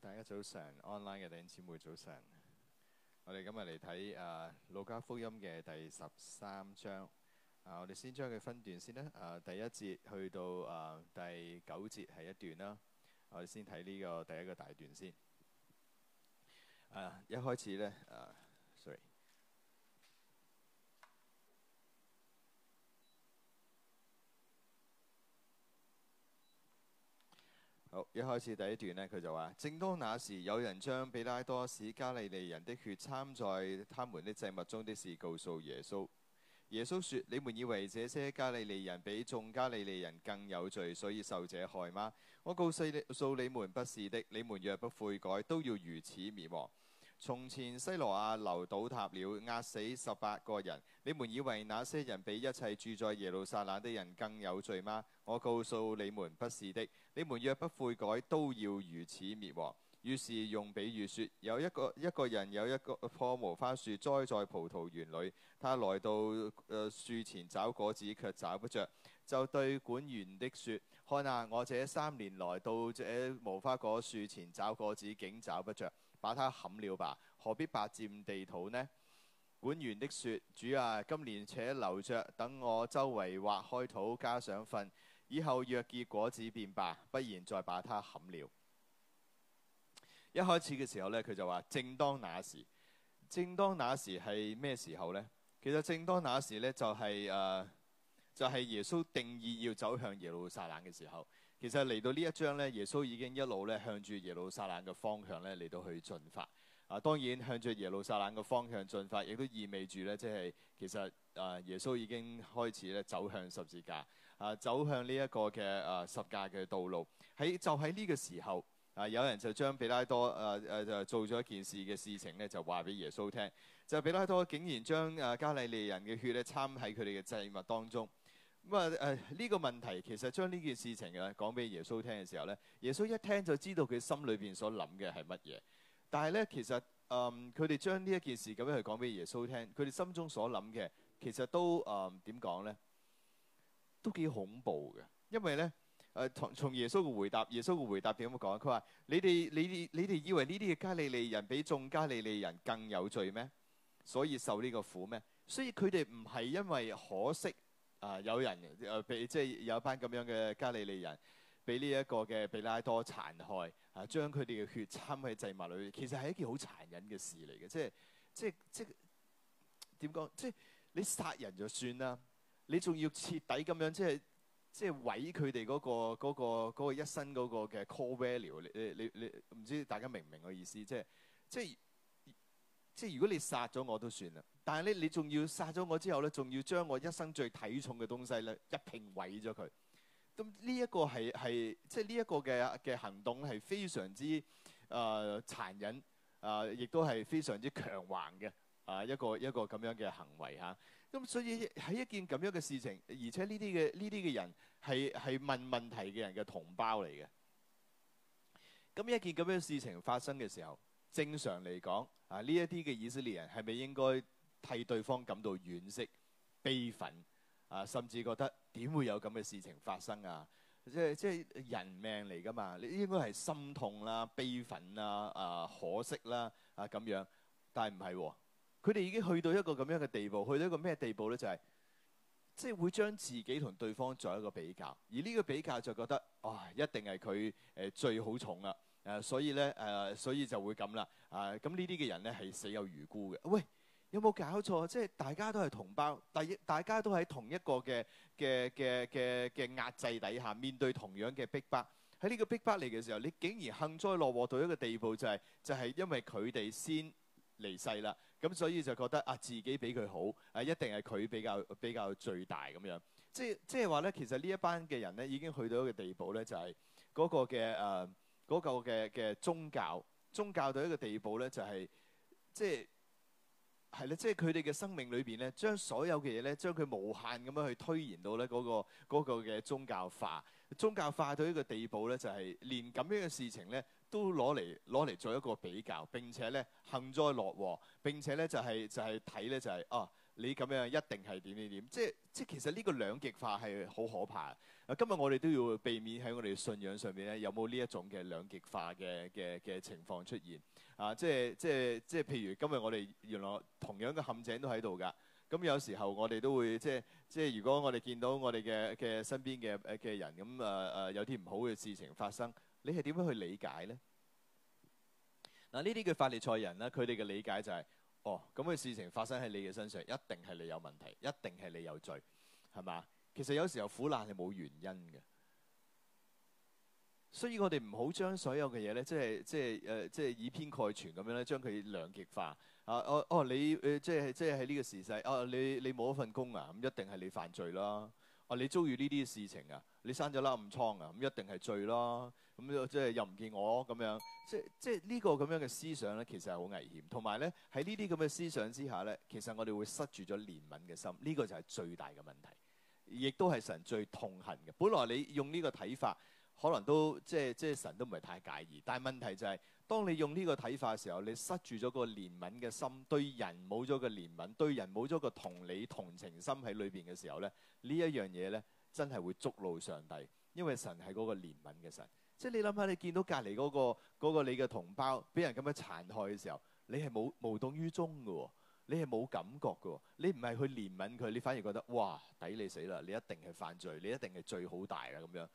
大家早上，online 嘅弟兄姊妹早上，我哋今日嚟睇《啊，路加福音》嘅第十三章。啊，我哋先將佢分段先啦。啊，第一節去到啊第九節係一段啦。我哋先睇呢個第一個大段先。啊，一開始咧啊。一開始第一段呢，佢就話：正當那時，有人將比拉多使加利利人的血參在他們的祭物中的事告訴耶穌。耶穌說：你們以為這些加利利人比眾加利利人更有罪，所以受這害嗎？我告訴訴你們，不是的。你們若不悔改，都要如此滅亡。從前西羅亞樓倒塌了，壓死十八個人。你們以為那些人比一切住在耶路撒冷的人更有罪嗎？我告訴你們，不是的，你們若不悔改，都要如此滅亡。於是用比喻説：有一個一個人有一個棵無花樹栽在葡萄園裏，他來到誒、呃、樹前找果子，卻找不着。」就對管園的説：看啊，我這三年來到這無花果樹前找果子，竟找不着。」把它砍了吧，何必白佔地土呢？管園的説：主啊，今年且留着，等我周圍挖開土，加上糞。以後若結果子便罷，不然再把它砍了。一開始嘅時候咧，佢就話：「正當那時，正當那時係咩時候呢？其實正當那時咧，就係呃，就係誒，就係耶穌定意要走向耶路撒冷嘅時候。其實嚟到呢一章咧，耶穌已經一路咧向住耶路撒冷嘅方向咧嚟到去進發。啊，當然向住耶路撒冷嘅方向進發，亦都意味住咧，即係其實誒、啊、耶穌已經開始咧走向十字架。啊，走向呢一個嘅啊十架嘅道路，喺就喺呢個時候啊，有人就將比拉多啊啊就做咗一件事嘅事情咧，就話俾耶穌聽。就係比拉多竟然將啊加利利人嘅血咧，參喺佢哋嘅祭物當中。咁啊誒呢個問題其實將呢件事情咧，講俾耶穌聽嘅時候咧，耶穌一聽就知道佢心裏邊所諗嘅係乜嘢。但係咧，其實嗯佢哋將呢一件事咁樣去講俾耶穌聽，佢哋心中所諗嘅其實都啊點講咧？嗯都幾恐怖嘅，因為咧，誒、呃，從從耶穌嘅回答，耶穌嘅回答點樣講？佢話：你哋，你哋，你哋以為呢啲嘅加利利人比眾加利利人更有罪咩？所以受呢個苦咩？所以佢哋唔係因為可惜啊、呃，有人誒，俾、呃、即係有班咁樣嘅加利利人俾呢一個嘅彼拉多殘害啊，將佢哋嘅血摻喺祭物裏，其實係一件好殘忍嘅事嚟嘅，即係，即係，即係點講？即係你殺人就算啦。你仲要徹底咁樣，即係即係毀佢哋嗰個嗰、嗰個嗰個、一生嗰個嘅 core value 你。你你你你唔知大家明唔明我意思？即係即係即係如果你殺咗我都算啦，但係咧你仲要殺咗我之後咧，仲要將我一生最睇重嘅東西咧一拼毀咗佢。咁呢一個係係即係呢一個嘅嘅行動係非常之誒、呃、殘忍誒，亦都係非常之強橫嘅啊一個一個咁樣嘅行為嚇。咁所以喺一件咁樣嘅事情，而且呢啲嘅呢啲嘅人係係問問題嘅人嘅同胞嚟嘅。咁一件咁樣嘅事情發生嘅時候，正常嚟講，啊呢一啲嘅以色列人係咪應該替對方感到惋惜、悲憤啊？甚至覺得點會有咁嘅事情發生啊？即係即係人命嚟㗎嘛？你應該係心痛啦、悲憤啦、啊可惜啦啊咁樣，但係唔係喎。佢哋已經去到一個咁樣嘅地步，去到一個咩地步呢？就係即係會將自己同對方做一個比較，而呢個比較就覺得啊、哦，一定係佢誒最好重啦。誒、呃，所以呢，誒、呃，所以就會咁啦。啊、呃，咁呢啲嘅人呢，係死有餘辜嘅。喂，有冇搞錯？即係大家都係同胞，第一大家都喺同一個嘅嘅嘅嘅嘅壓制底下，面對同樣嘅逼迫。喺呢個逼迫嚟嘅時候，你竟然幸災樂禍到一個地步，就係就係因為佢哋先。離世啦，咁所以就覺得啊，自己比佢好，誒、啊、一定係佢比較比較最大咁樣，即係即係話咧，其實一呢一班嘅人咧已經去到一個地步咧，就係、是、嗰個嘅誒嗰嘅嘅宗教宗教到一個地步咧，就係即係係咧，即係佢哋嘅生命裏邊咧，將所有嘅嘢咧，將佢無限咁樣去推延到咧、那、嗰個嘅、那個、宗教化宗教化到一個地步咧，就係、是、連咁樣嘅事情咧。都攞嚟攞嚟做一個比較，並且咧幸災樂禍，並且咧就係就係睇咧就係啊，你咁樣一定係點點點，即係即係其實呢個兩極化係好可怕。啊，今日我哋都要避免喺我哋信仰上面咧有冇呢一種嘅兩極化嘅嘅嘅情況出現啊！即係即係即係譬如今日我哋原來同樣嘅陷阱都喺度噶。咁有時候我哋都會即係即係如果我哋見到我哋嘅嘅身邊嘅嘅人咁啊啊有啲唔好嘅事情發生。你係點樣去理解咧？嗱，呢啲嘅法利賽人咧，佢哋嘅理解就係、是：哦，咁嘅事情發生喺你嘅身上，一定係你有問題，一定係你有罪，係嘛？其實有時候苦難係冇原因嘅，所以我哋唔好將所有嘅嘢咧，即係即係誒，即係、呃、以偏概全咁樣咧，將佢兩極化啊！哦、啊、哦、啊，你誒、呃、即係即係喺呢個時勢，哦、啊，你你冇一份工啊，咁、嗯、一定係你犯罪啦！哦、啊，你遭遇呢啲事情啊！你生咗粒暗瘡啊，咁一定係罪咯。咁即係又唔見我咁樣，即即呢個咁樣嘅思想呢，其實係好危險。同埋呢，喺呢啲咁嘅思想之下呢，其實我哋會塞住咗憐憫嘅心，呢個就係最大嘅問題，亦都係神最痛恨嘅。本來你用呢個睇法，可能都即即神都唔係太介意。但係問題就係，當你用呢個睇法嘅時候，你塞住咗個憐憫嘅心，對人冇咗個憐憫，對人冇咗個同理同情心喺裏邊嘅時候呢，呢一樣嘢呢，真係會觸怒上帝，因為神係嗰個憐憫嘅神。即係你諗下，你見到隔離嗰個嗰個你嘅同胞俾人咁樣殘害嘅時候，你係冇無，無動於衷嘅喎，哦，你係冇感覺嘅喎，哦，你唔係去憐憫佢，你反而覺得哇抵你死啦！你一定係犯罪，你一定係罪好大啦咁樣。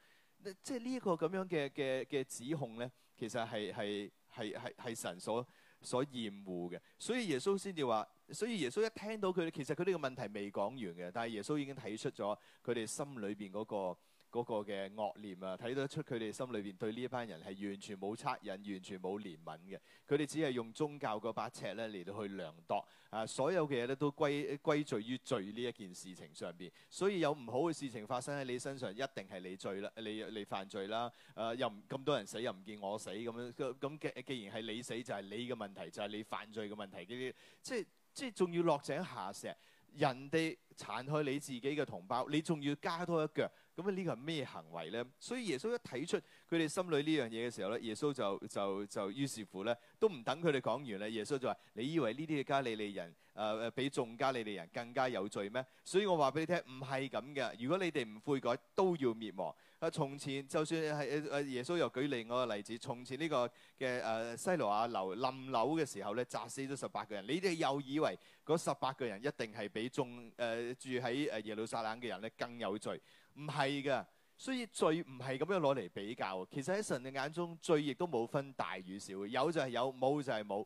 即係呢一個咁樣嘅嘅嘅指控咧，其實係係係係係神所。所厭惡嘅，所以耶穌先至話，所以耶穌一聽到佢，其實佢呢個問題未講完嘅，但係耶穌已經睇出咗佢哋心裏邊嗰個。嗰個嘅惡念啊，睇得出佢哋心裏邊對呢一班人係完全冇惻隱，完全冇憐憫嘅。佢哋只係用宗教嗰把尺咧嚟到去量度啊，所有嘅嘢咧都歸歸罪於罪呢一件事情上邊。所以有唔好嘅事情發生喺你身上，一定係你罪啦，你你犯罪啦。誒、啊，又咁多人死又唔見我死咁樣咁嘅。既然係你死就係、是、你嘅問題，就係、是、你犯罪嘅問題。呢啲即係即係仲要落井下石，人哋殘害你自己嘅同胞，你仲要加多一腳。咁呢個係咩行為咧？所以耶穌一睇出佢哋心裏呢樣嘢嘅時候咧，耶穌就就就於是乎咧都唔等佢哋講完咧，耶穌就話：你以為呢啲嘅加利利人誒誒、呃、比眾加利利人更加有罪咩？所以我話俾你聽，唔係咁嘅。如果你哋唔悔改，都要滅亡。啊，從前就算係誒、啊、耶穌又舉另外個例子，從前呢、這個嘅誒、啊、西羅亞樓冧樓嘅時候咧，砸死咗十八個人。你哋又以為嗰十八個人一定係比眾誒、呃、住喺誒耶路撒冷嘅人咧更有罪？唔係噶，所以罪唔係咁樣攞嚟比較。其實喺神嘅眼中，罪亦都冇分大與小，有就係有，冇就係冇，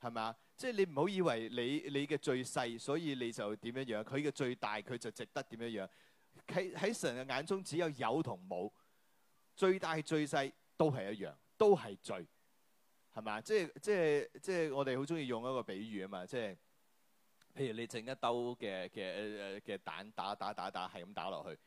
係咪啊？即係你唔好以為你你嘅罪細，所以你就點樣樣，佢嘅罪大，佢就值得點樣樣。喺喺神嘅眼中，只有有同冇，最大最細都係一樣，都係罪，係咪啊？即係即係即係我哋好中意用一個比喻啊嘛，即係譬如你整一兜嘅嘅嘅嘅蛋打打打打係咁打落去。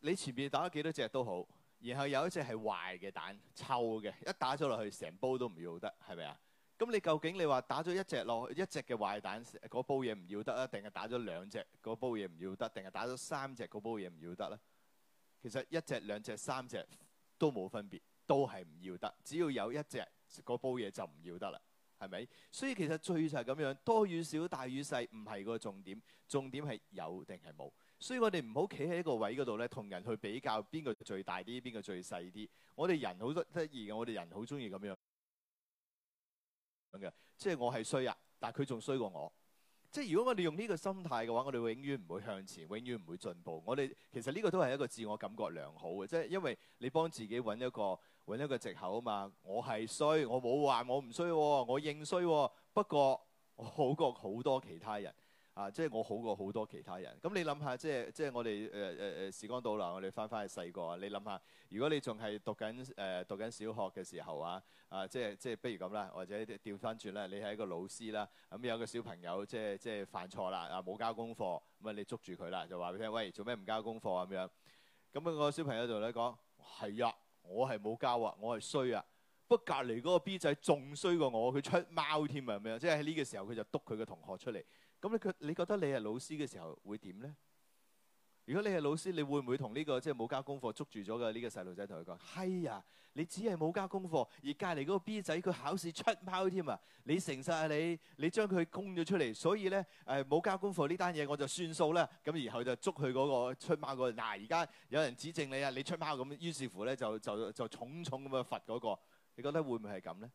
你前面打咗幾多隻都好，然後有一隻係壞嘅蛋，臭嘅，一打咗落去，成煲都唔要得，係咪啊？咁你究竟你話打咗一隻落去，一隻嘅壞蛋嗰煲嘢唔要得啊？定係打咗兩隻，嗰煲嘢唔要得？定係打咗三隻，嗰煲嘢唔要得咧？其實一隻、兩隻、三隻都冇分別，都係唔要得。只要有一隻嗰煲嘢就唔要得啦，係咪？所以其實最就係咁樣，多與少、大與細唔係個重點，重點係有定係冇。所以我哋唔好企喺一個位嗰度咧，同人去比較邊個最大啲，邊個最細啲。我哋人好多得意嘅，我哋人好中意咁樣樣嘅，即係我係衰啊，但係佢仲衰過我。即係如果我哋用呢個心態嘅話，我哋永遠唔會向前，永遠唔會進步。我哋其實呢個都係一個自我感覺良好嘅，即係因為你幫自己揾一個揾一個藉口啊嘛。我係衰，我冇話我唔衰啊，我認衰啊。不過我好過好多其他人。啊！即係我好過好多其他人。咁、嗯、你諗下，即係即係我哋誒誒誒時光倒流，我哋翻翻去細個啊！你諗下，如果你仲係讀緊誒、呃、讀緊小學嘅時候啊，啊即係即係不如咁啦，或者調翻轉咧，你係一個老師啦。咁、嗯、有個小朋友即係即係犯錯啦，啊，冇交功課，咁、嗯、啊你捉住佢啦，就話俾佢聽，喂，做咩唔交功課咁樣？咁、嗯、啊、嗯嗰個小朋友就咧講：係啊，我係冇交啊，我係衰啊！不隔離嗰個 B 仔仲衰過我，佢出貓添啊！咁、嗯、樣、嗯、即係喺呢個時候佢就督佢嘅同學出嚟。咁你佢，你覺得你係老師嘅時候會點咧？如果你係老師，你會唔會同呢、這個即係冇交功課捉住咗嘅呢個細路仔同佢講？係啊、哎，你只係冇交功課，而隔籬嗰個 B 仔佢考試出貓添啊！你誠實啊你，你將佢供咗出嚟，所以咧誒冇交功課呢單嘢我就算數啦。咁然後就捉佢嗰個出貓個嗱，而、啊、家有人指證你啊，你出貓咁，於是乎咧就就就，就重重咁樣罰嗰、那個。你覺得會唔會係咁咧？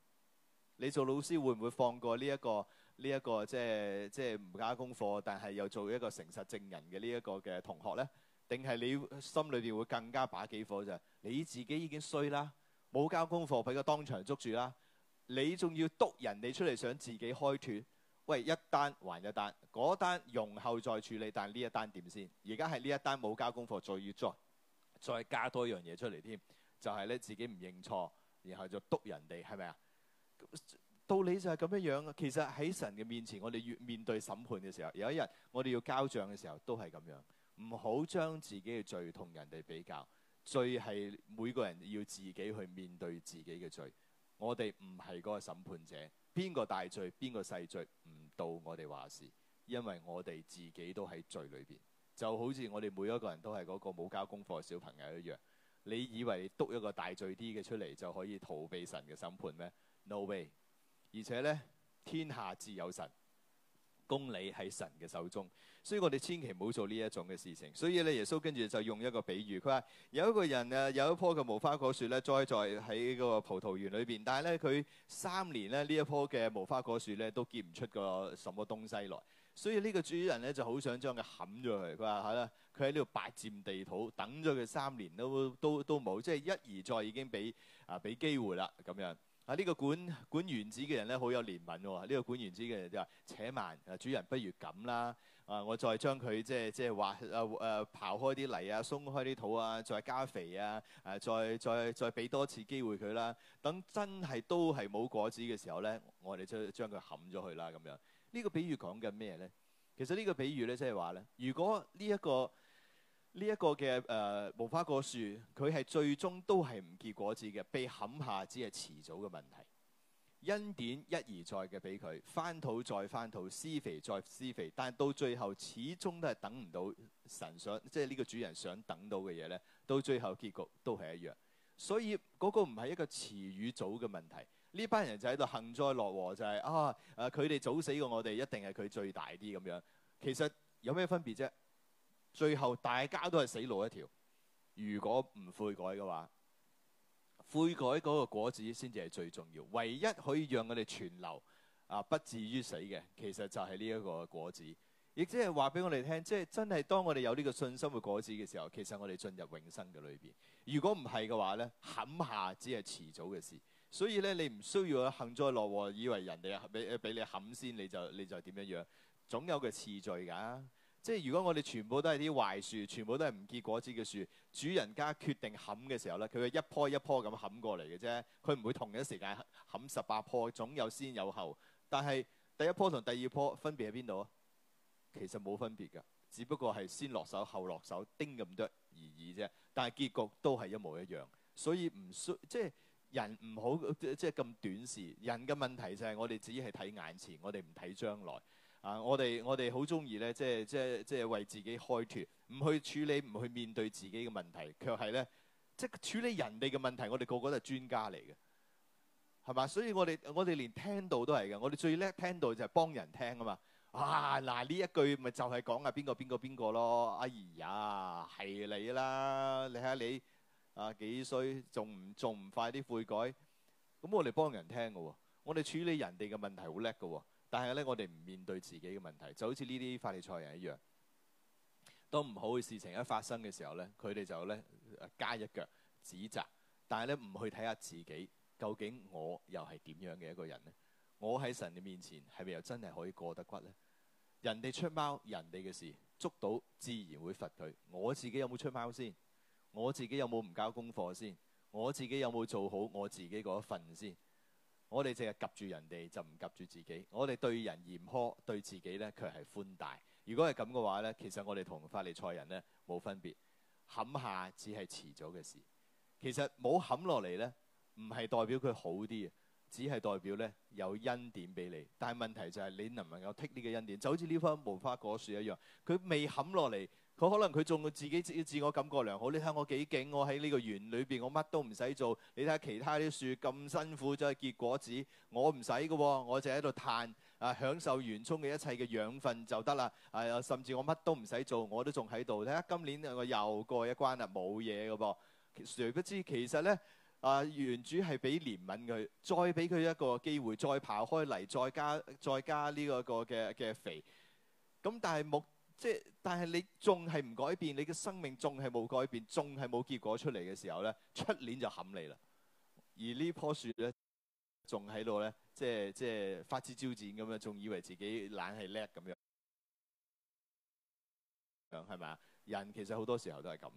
你做老師會唔會放過呢、這、一個？呢一個即係即係唔交功課，但係又做一個誠實證人嘅呢一個嘅同學呢，定係你心裏邊會更加把幾火就你自己已經衰啦，冇交功課俾佢當場捉住啦，你仲要篤人哋出嚟想自己開脫？喂，一單還一單，嗰單容後再處理，但係呢一單點先？而家係呢一單冇交功課，再要再再加多樣嘢出嚟添，就係咧自己唔認錯，然後就篤人哋，係咪啊？道理就係咁樣樣。其實喺神嘅面前，我哋越面對審判嘅時候，有一日我哋要交賬嘅時候，都係咁樣。唔好將自己嘅罪同人哋比較。罪係每個人要自己去面對自己嘅罪。我哋唔係嗰個審判者，邊個大罪邊個細罪唔到我哋話事，因為我哋自己都喺罪裏邊。就好似我哋每一個人都係嗰個冇交功課嘅小朋友一樣。你以為你督一個大罪啲嘅出嚟就可以逃避神嘅審判咩？No way。而且咧，天下自有神，公理喺神嘅手中，所以我哋千祈唔好做呢一種嘅事情。所以咧，耶穌跟住就用一個比喻，佢話有一個人啊，有一棵嘅無花果樹咧，栽在喺嗰個葡萄園裏邊，但係咧佢三年咧呢一棵嘅無花果樹咧都結唔出個什麼東西來。所以呢個主人咧就好想將佢冚咗佢。佢話係啦，佢喺呢度白佔地土，等咗佢三年都都都冇，即係一而再已經俾啊俾機會啦咁樣。啊！呢個管管原子嘅人咧，好有憐憫喎。呢個管原子嘅人就話：扯慢，啊主人，不如咁啦。啊，我再將佢即係即係挖啊啊刨開啲泥啊，鬆開啲土啊，再加肥啊，誒、啊，再再再俾多次機會佢啦。等真係都係冇果子嘅時候咧，我哋將將佢冚咗佢啦。咁樣呢個比喻講緊咩咧？其實呢個比喻咧，即係話咧，如果呢一個。呢一個嘅誒、呃、無花果樹，佢係最終都係唔結果子嘅，被冚下只係遲早嘅問題。恩典一而再嘅俾佢翻土再翻土，施肥再施肥，但係到最後始終都係等唔到神想，即係呢個主人想等到嘅嘢咧。到最後結局都係一樣，所以嗰、那個唔係一個遲與早嘅問題。呢班人就喺度幸災樂禍，就係、是、啊誒，佢、啊、哋早死過我哋，一定係佢最大啲咁樣。其實有咩分別啫？最後大家都係死路一條，如果唔悔改嘅話，悔改嗰個果子先至係最重要。唯一可以讓我哋存留啊，不至於死嘅，其實就係呢一個果子。亦即係話俾我哋聽，即係真係當我哋有呢個信心嘅果子嘅時候，其實我哋進入永生嘅裏邊。如果唔係嘅話呢，冚下只係遲早嘅事。所以呢，你唔需要幸災樂禍，以為人哋俾俾你冚先，你就你就點樣樣，總有個次序㗎啊。即係如果我哋全部都係啲壞樹，全部都係唔結果子嘅樹，主人家決定冚嘅時候咧，佢會一樖一樖咁冚過嚟嘅啫。佢唔會同一時間冚十八樖，總有先有後。但係第一樖同第二樖分別喺邊度啊？其實冇分別㗎，只不過係先落手後落手，丁咁多而已啫。但係結局都係一模一樣，所以唔需即係人唔好即係咁短視。人嘅問題就係我哋只係睇眼前，我哋唔睇將來。啊！我哋我哋好中意咧，即係即係即係為自己開脱，唔去處理，唔去面對自己嘅問題，卻係咧即係處理人哋嘅問題。我哋個個都係專家嚟嘅，係嘛？所以我哋我哋連聽道都係嘅。我哋最叻聽道就係幫人聽啊嘛！啊嗱呢、啊、一句咪就係講啊邊個邊個邊個咯？哎呀，係你啦！你睇下你啊幾衰，仲唔仲唔快啲悔改？咁我哋幫人聽嘅喎，我哋處理人哋嘅問題好叻嘅喎。但係咧，我哋唔面對自己嘅問題，就好似呢啲法利賽人一樣。當唔好嘅事情一發生嘅時候咧，佢哋就咧加一腳指責，但係咧，唔去睇下自己，究竟我又係點樣嘅一個人呢？我喺神嘅面前係咪又真係可以過得骨呢？人哋出貓，人哋嘅事捉到自然會罰佢。我自己有冇出貓先？我自己有冇唔交功課先？我自己有冇做好我自己嗰一份先？我哋淨係及住人哋就唔及住自己，我哋對人嚴苛，對自己卻係寬大。如果係咁嘅話呢，其實我哋同法利賽人呢，冇分別，冚下只係遲早嘅事。其實冇冚落嚟呢，唔係代表佢好啲，只係代表呢，有恩典俾你。但係問題就係、是、你能唔能夠剔呢個恩典，就好似呢棵無花果樹一樣，佢未冚落嚟。佢可能佢仲到自己自自我感覺良好，你睇我幾勁，我喺呢個園裏邊，我乜都唔使做。你睇下其他啲樹咁辛苦，再、就係、結果子，我唔使嘅，我就喺度嘆啊，享受園中嘅一切嘅養分就得啦。啊，甚至我乜都唔使做，我都仲喺度。睇下今年我又過一關啦，冇嘢嘅噃。誰不知其實咧，啊，園主係俾憐憫佢，再俾佢一個機會，再刨開嚟，再加再加呢個個嘅嘅肥。咁但係目即係，但係你仲係唔改變，你嘅生命仲係冇改變，仲係冇結果出嚟嘅時候咧，出年就冚你啦。而呢棵樹咧，仲喺度咧，即係即係發之招展咁樣，仲以為自己懶係叻咁樣，係咪啊？人其實好多時候都係咁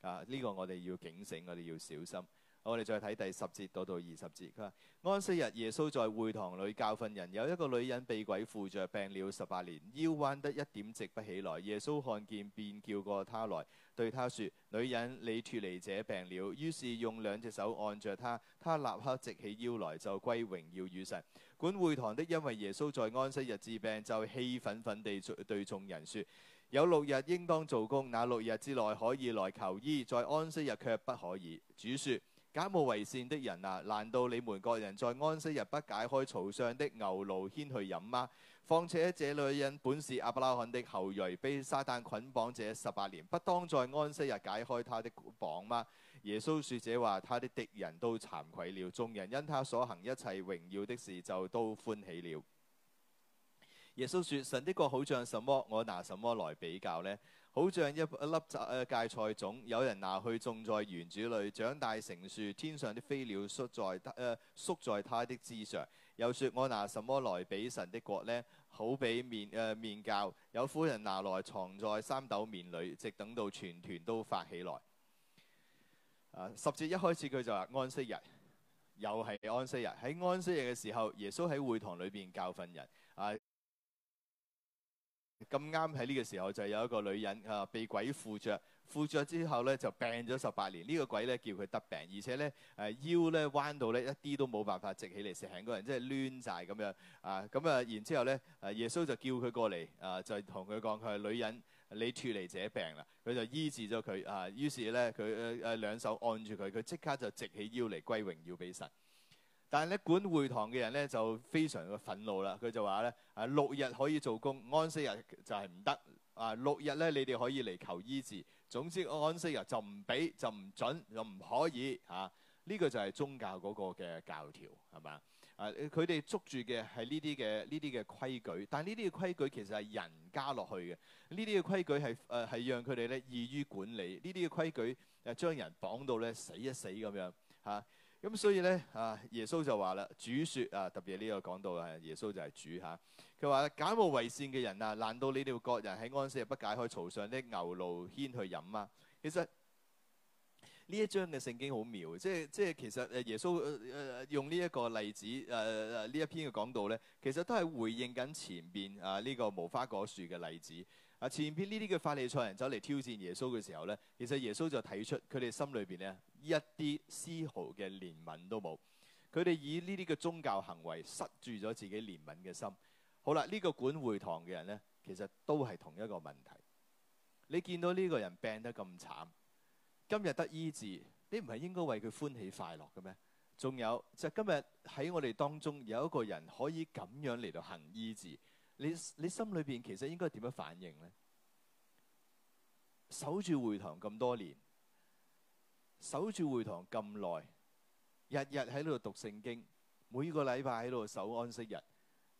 啊！呢個我哋要警醒，我哋要小心。我哋再睇第十節到到二十節，佢話安息日耶穌在會堂裏教訓人，有一個女人被鬼附着病了十八年，腰彎得一點直不起來。耶穌看見，便叫過她來，對她説：女人，你脱離這病了。於是用兩隻手按着她，她立刻直起腰來，就歸榮耀與神。管會堂的因為耶穌在安息日治病，就氣憤憤地對眾人説：有六日應當做工，那六日之內可以來求醫，在安息日卻不可以。主説。假冒為善的人啊，難道你們各人在安息日不解開槽上的牛驢，牽去飲嗎？況且這女人本是阿伯拉罕的後裔，被撒旦捆綁這十八年，不當在安息日解開他的綁嗎？耶穌說這話，他的敵人都慚愧了。眾人因他所行一切榮耀的事，就都歡喜了。耶穌說：神的國好像什麼？我拿什麼來比較呢？好像一一粒芥芥菜種，有人拿去種在園子裏，長大成樹，天上的飛鳥宿在他誒、呃、宿在他的枝上。又說我拿什麼來比神的國呢？好比麵誒、呃、麵酵。有婦人拿來藏在三斗麵裏，直等到全團都發起來。啊，十節一開始佢就話安息日，又係安息日。喺安息日嘅時候，耶穌喺會堂裏邊教訓人。啊。咁啱喺呢個時候就有一個女人啊，被鬼附着，附着之後咧就病咗十八年。呢個鬼咧叫佢得病，而且咧誒、呃、腰咧彎到咧一啲都冇辦法直起嚟，成個人即係攣晒咁樣啊。咁啊，然之後咧，耶穌就叫佢過嚟啊，就同佢講佢係女人，你脫離這病啦。佢就醫治咗佢啊，於是咧佢誒兩手按住佢，佢即刻就直起腰嚟歸榮耀俾神。但係咧管會堂嘅人咧就非常嘅憤怒啦，佢就話咧：啊六日可以做工，安息日就係唔得。啊六日咧你哋可以嚟求醫治，總之安息日就唔俾，就唔準，就唔可以嚇。呢、啊呢個就係宗教嗰個嘅教條係嘛？啊佢哋捉住嘅係呢啲嘅呢啲嘅規矩，但係呢啲嘅規矩其實係人加落去嘅。呢啲嘅規矩係誒係讓佢哋咧易於管理。呢啲嘅規矩誒將人綁到咧死一死咁樣嚇。啊咁、嗯、所以咧啊，耶穌就話啦，主説啊，特別呢個講道啊，耶穌就係主嚇。佢話假冒為善嘅人啊，難道你哋各人喺安息日不解開槽上啲牛驢牽去飲啊，其實呢一章嘅聖經好妙，即係即係其實誒耶穌、呃、用呢一個例子誒呢、呃、一篇嘅講道咧，其實都係回應緊前邊啊呢、這個無花果樹嘅例子啊。前邊呢啲嘅法利賽人走嚟挑戰耶穌嘅時候咧，其實耶穌就睇出佢哋心裏邊咧。一啲絲毫嘅憐憫都冇，佢哋以呢啲嘅宗教行為塞住咗自己憐憫嘅心好。好啦，呢個管會堂嘅人呢，其實都係同一個問題。你見到呢個人病得咁慘，今日得醫治，你唔係應該為佢歡喜快樂嘅咩？仲有就係，今日喺我哋當中有一個人可以咁樣嚟到行醫治你，你你心裏邊其實應該點樣反應呢？守住會堂咁多年。守住會堂咁耐，日日喺度讀聖經，每個禮拜喺度守安息日，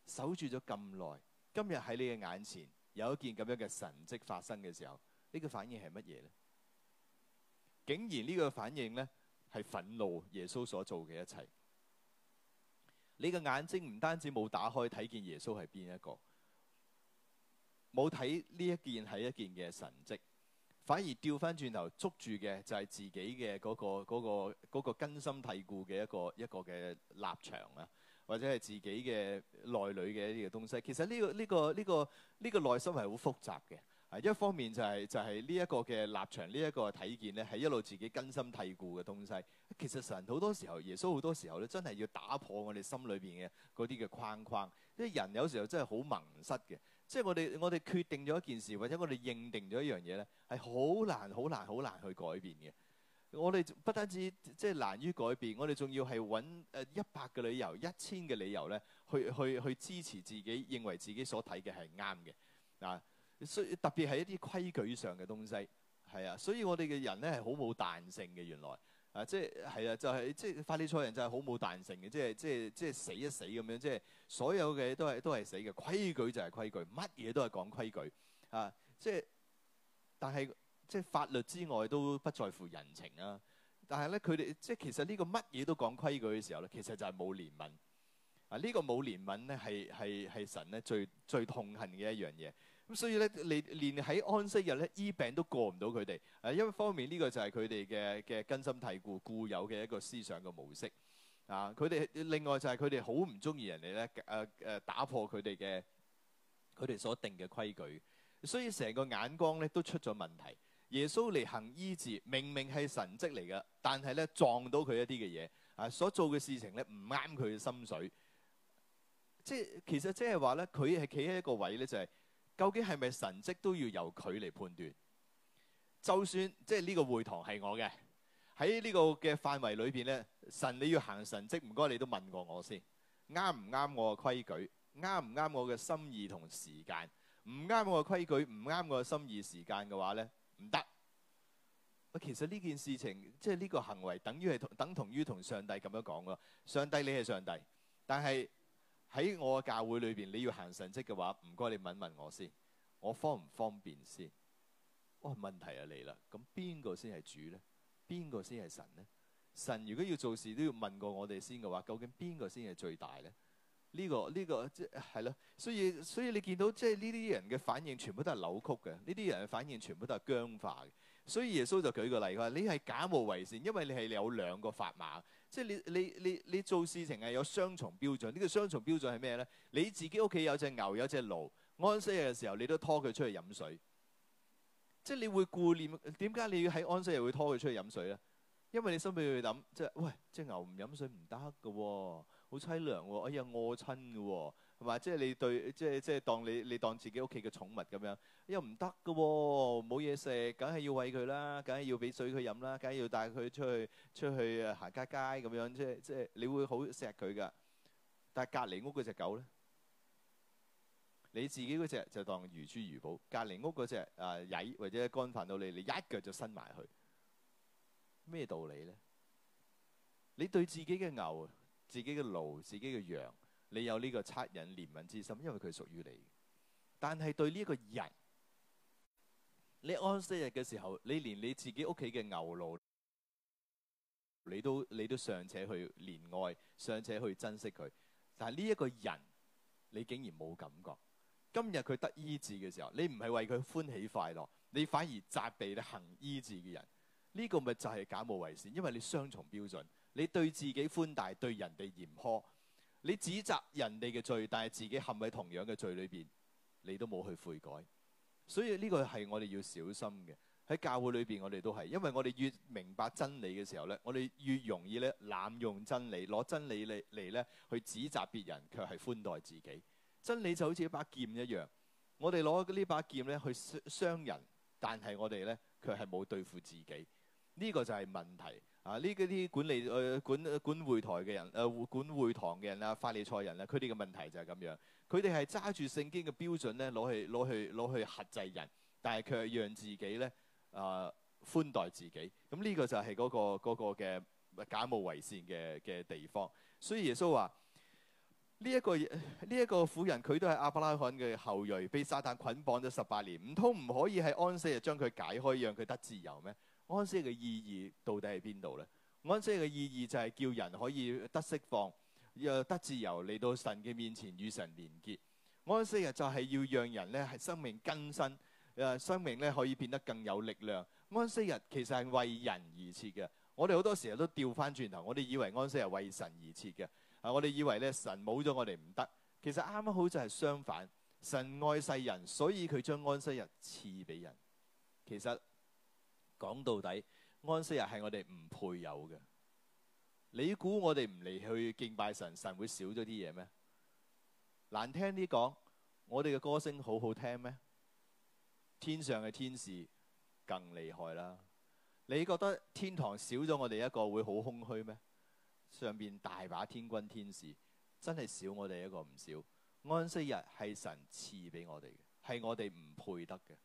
守住咗咁耐。今日喺你嘅眼前有一件咁樣嘅神蹟發生嘅時候，呢個反應係乜嘢呢？竟然呢個反應呢，係憤怒耶穌所做嘅一切。你嘅眼睛唔單止冇打開睇見耶穌係邊一個，冇睇呢一件係一件嘅神蹟。反而調翻轉頭捉住嘅就係自己嘅嗰個嗰個嗰個根深蒂固嘅一個一個嘅立場啊，或者係自己嘅內裏嘅呢個東西。其實呢個呢個呢個呢個內心係好複雜嘅。啊，一方面就係就係呢一個嘅立場，呢一個睇見咧係一路自己根深蒂固嘅東西。其實神好多時候，耶穌好多時候咧，真係要打破我哋心裏邊嘅嗰啲嘅框框。啲人有時候真係好矇塞嘅。即係我哋，我哋決定咗一件事，或者我哋認定咗一樣嘢咧，係好難、好難、好難去改變嘅。我哋不單止即係難於改變，我哋仲要係揾誒一百個理由、一千個理由咧，去去去支持自己認為自己所睇嘅係啱嘅。嗱、啊，所以特別係一啲規矩上嘅東西，係啊，所以我哋嘅人咧係好冇彈性嘅原來。啊，即係係啊，就係、是、即係法利賽人就係好冇彈性嘅，即係即係即係死一死咁樣，即係所有嘅都係都係死嘅規矩就係規矩，乜嘢都係講規矩啊！即係但係即係法律之外都不在乎人情啦、啊。但係咧，佢哋即係其實呢個乜嘢都講規矩嘅時候咧，其實就係冇憐憫啊！呢、這個冇憐憫咧係係係神咧最最痛恨嘅一樣嘢。咁所以咧，你連喺安息日咧醫病都過唔到佢哋。誒，一方面呢個就係佢哋嘅嘅根深蒂固、固有嘅一個思想嘅模式。啊，佢哋另外就係佢哋好唔中意人哋咧誒誒打破佢哋嘅佢哋所定嘅規矩。所以成個眼光咧都出咗問題。耶穌嚟行醫治，明明係神跡嚟嘅，但係咧撞到佢一啲嘅嘢。啊，所做嘅事情咧唔啱佢嘅心水。即係其實即係話咧，佢係企喺一個位咧，就係、是。究竟係咪神跡都要由佢嚟判斷？就算即係呢個會堂係我嘅，喺呢個嘅範圍裏邊咧，神你要行神跡，唔該你都問過我先，啱唔啱我嘅規矩？啱唔啱我嘅心意同時間？唔啱我嘅規矩，唔啱我嘅心意時間嘅話咧，唔得。喎其實呢件事情，即係呢個行為，等於係同等同於同上帝咁樣講噶。上帝你係上帝，但係。喺我嘅教會裏邊，你要行神蹟嘅話，唔該你問問我先，我方唔方便先？哇、哦，問題就嚟啦！咁邊個先係主咧？邊個先係神咧？神如果要做事都要問過我哋先嘅話，究竟邊個先係最大咧？呢個，呢個即係咯，所以所以你見到即係呢啲人嘅反應全部都係扭曲嘅，呢啲人嘅反應全部都係僵化嘅。所以耶穌就舉個例，佢話你係假冒為善，因為你係有兩個砝碼。即係你你你你做事情係有雙重標準，呢、這個雙重標準係咩咧？你自己屋企有隻牛有隻驢，安息日嘅時候你都拖佢出去飲水。即係你會顧念點解你要喺安息日會拖佢出去飲水咧？因為你心裏會諗，即係喂，隻牛唔飲水唔得㗎，好淒涼喎，哎呀餓親㗎。係嘛？即係你對，即係即係當你你當自己屋企嘅寵物咁樣，又唔得㗎喎，冇嘢食，梗係要餵佢啦，梗係要俾水佢飲啦，梗係要帶佢出去出去行街街咁樣，即係即係你會好錫佢㗎。但係隔離屋嗰隻狗咧，你自己嗰隻就當如珠如寶，隔離屋嗰隻啊曳或者乾飯到你，你一腳就伸埋去。咩道理咧？你對自己嘅牛、自己嘅驢、自己嘅羊。你有呢個惻隱憐憫之心，因為佢屬於你。但係對呢一個人，你安息日嘅時候，你連你自己屋企嘅牛驢，你都你都尚且去憐愛，尚且去珍惜佢。但係呢一個人，你竟然冇感覺。今日佢得醫治嘅時候，你唔係為佢歡喜快樂，你反而責備你行醫治嘅人。呢、這個咪就係假冒為善，因為你雙重標準，你對自己寬大，對人哋嚴苛。你指責人哋嘅罪，但係自己陷喺同樣嘅罪裏邊，你都冇去悔改。所以呢個係我哋要小心嘅。喺教會裏邊，我哋都係，因為我哋越明白真理嘅時候咧，我哋越容易咧濫用真理，攞真理嚟嚟咧去指責別人，卻係寬待自己。真理就好似一把劍一樣，我哋攞呢把劍咧去傷人，但係我哋咧卻係冇對付自己。呢個就係問題。啊！呢啲管理誒、呃、管管會台嘅人誒、呃、管會堂嘅人啊、法利賽人啊，佢哋嘅問題就係咁樣。佢哋係揸住聖經嘅標準咧，攞去攞去攞去，去克制人，但係卻讓自己咧誒、啊、寬待自己。咁、啊、呢、這個就係嗰、那個嘅、那個、假冒為善嘅嘅地方。所以耶穌話：呢、這、一個呢一、這個婦人，佢都係亞伯拉罕嘅後裔，被撒旦捆綁咗十八年，唔通唔可以喺安息日將佢解開，讓佢得自由咩？安息嘅意義到底喺邊度呢？安息嘅意義就係叫人可以得釋放，又得自由，嚟到神嘅面前與神連結。安息日就係要讓人咧係生命更新，誒生命咧可以變得更有力量。安息日其實係為人而設嘅。我哋好多時候都調返轉頭，我哋以為安息日為神而設嘅，啊我哋以為咧神冇咗我哋唔得。其實啱啱好就係相反，神愛世人，所以佢將安息日賜俾人。其實。講到底，安息日係我哋唔配有嘅。你估我哋唔嚟去敬拜神，神會少咗啲嘢咩？難聽啲講，我哋嘅歌聲好好聽咩？天上嘅天使更厲害啦。你覺得天堂少咗我哋一個會好空虛咩？上邊大把天軍天使，真係少我哋一個唔少。安息日係神賜俾我哋嘅，係我哋唔配得嘅。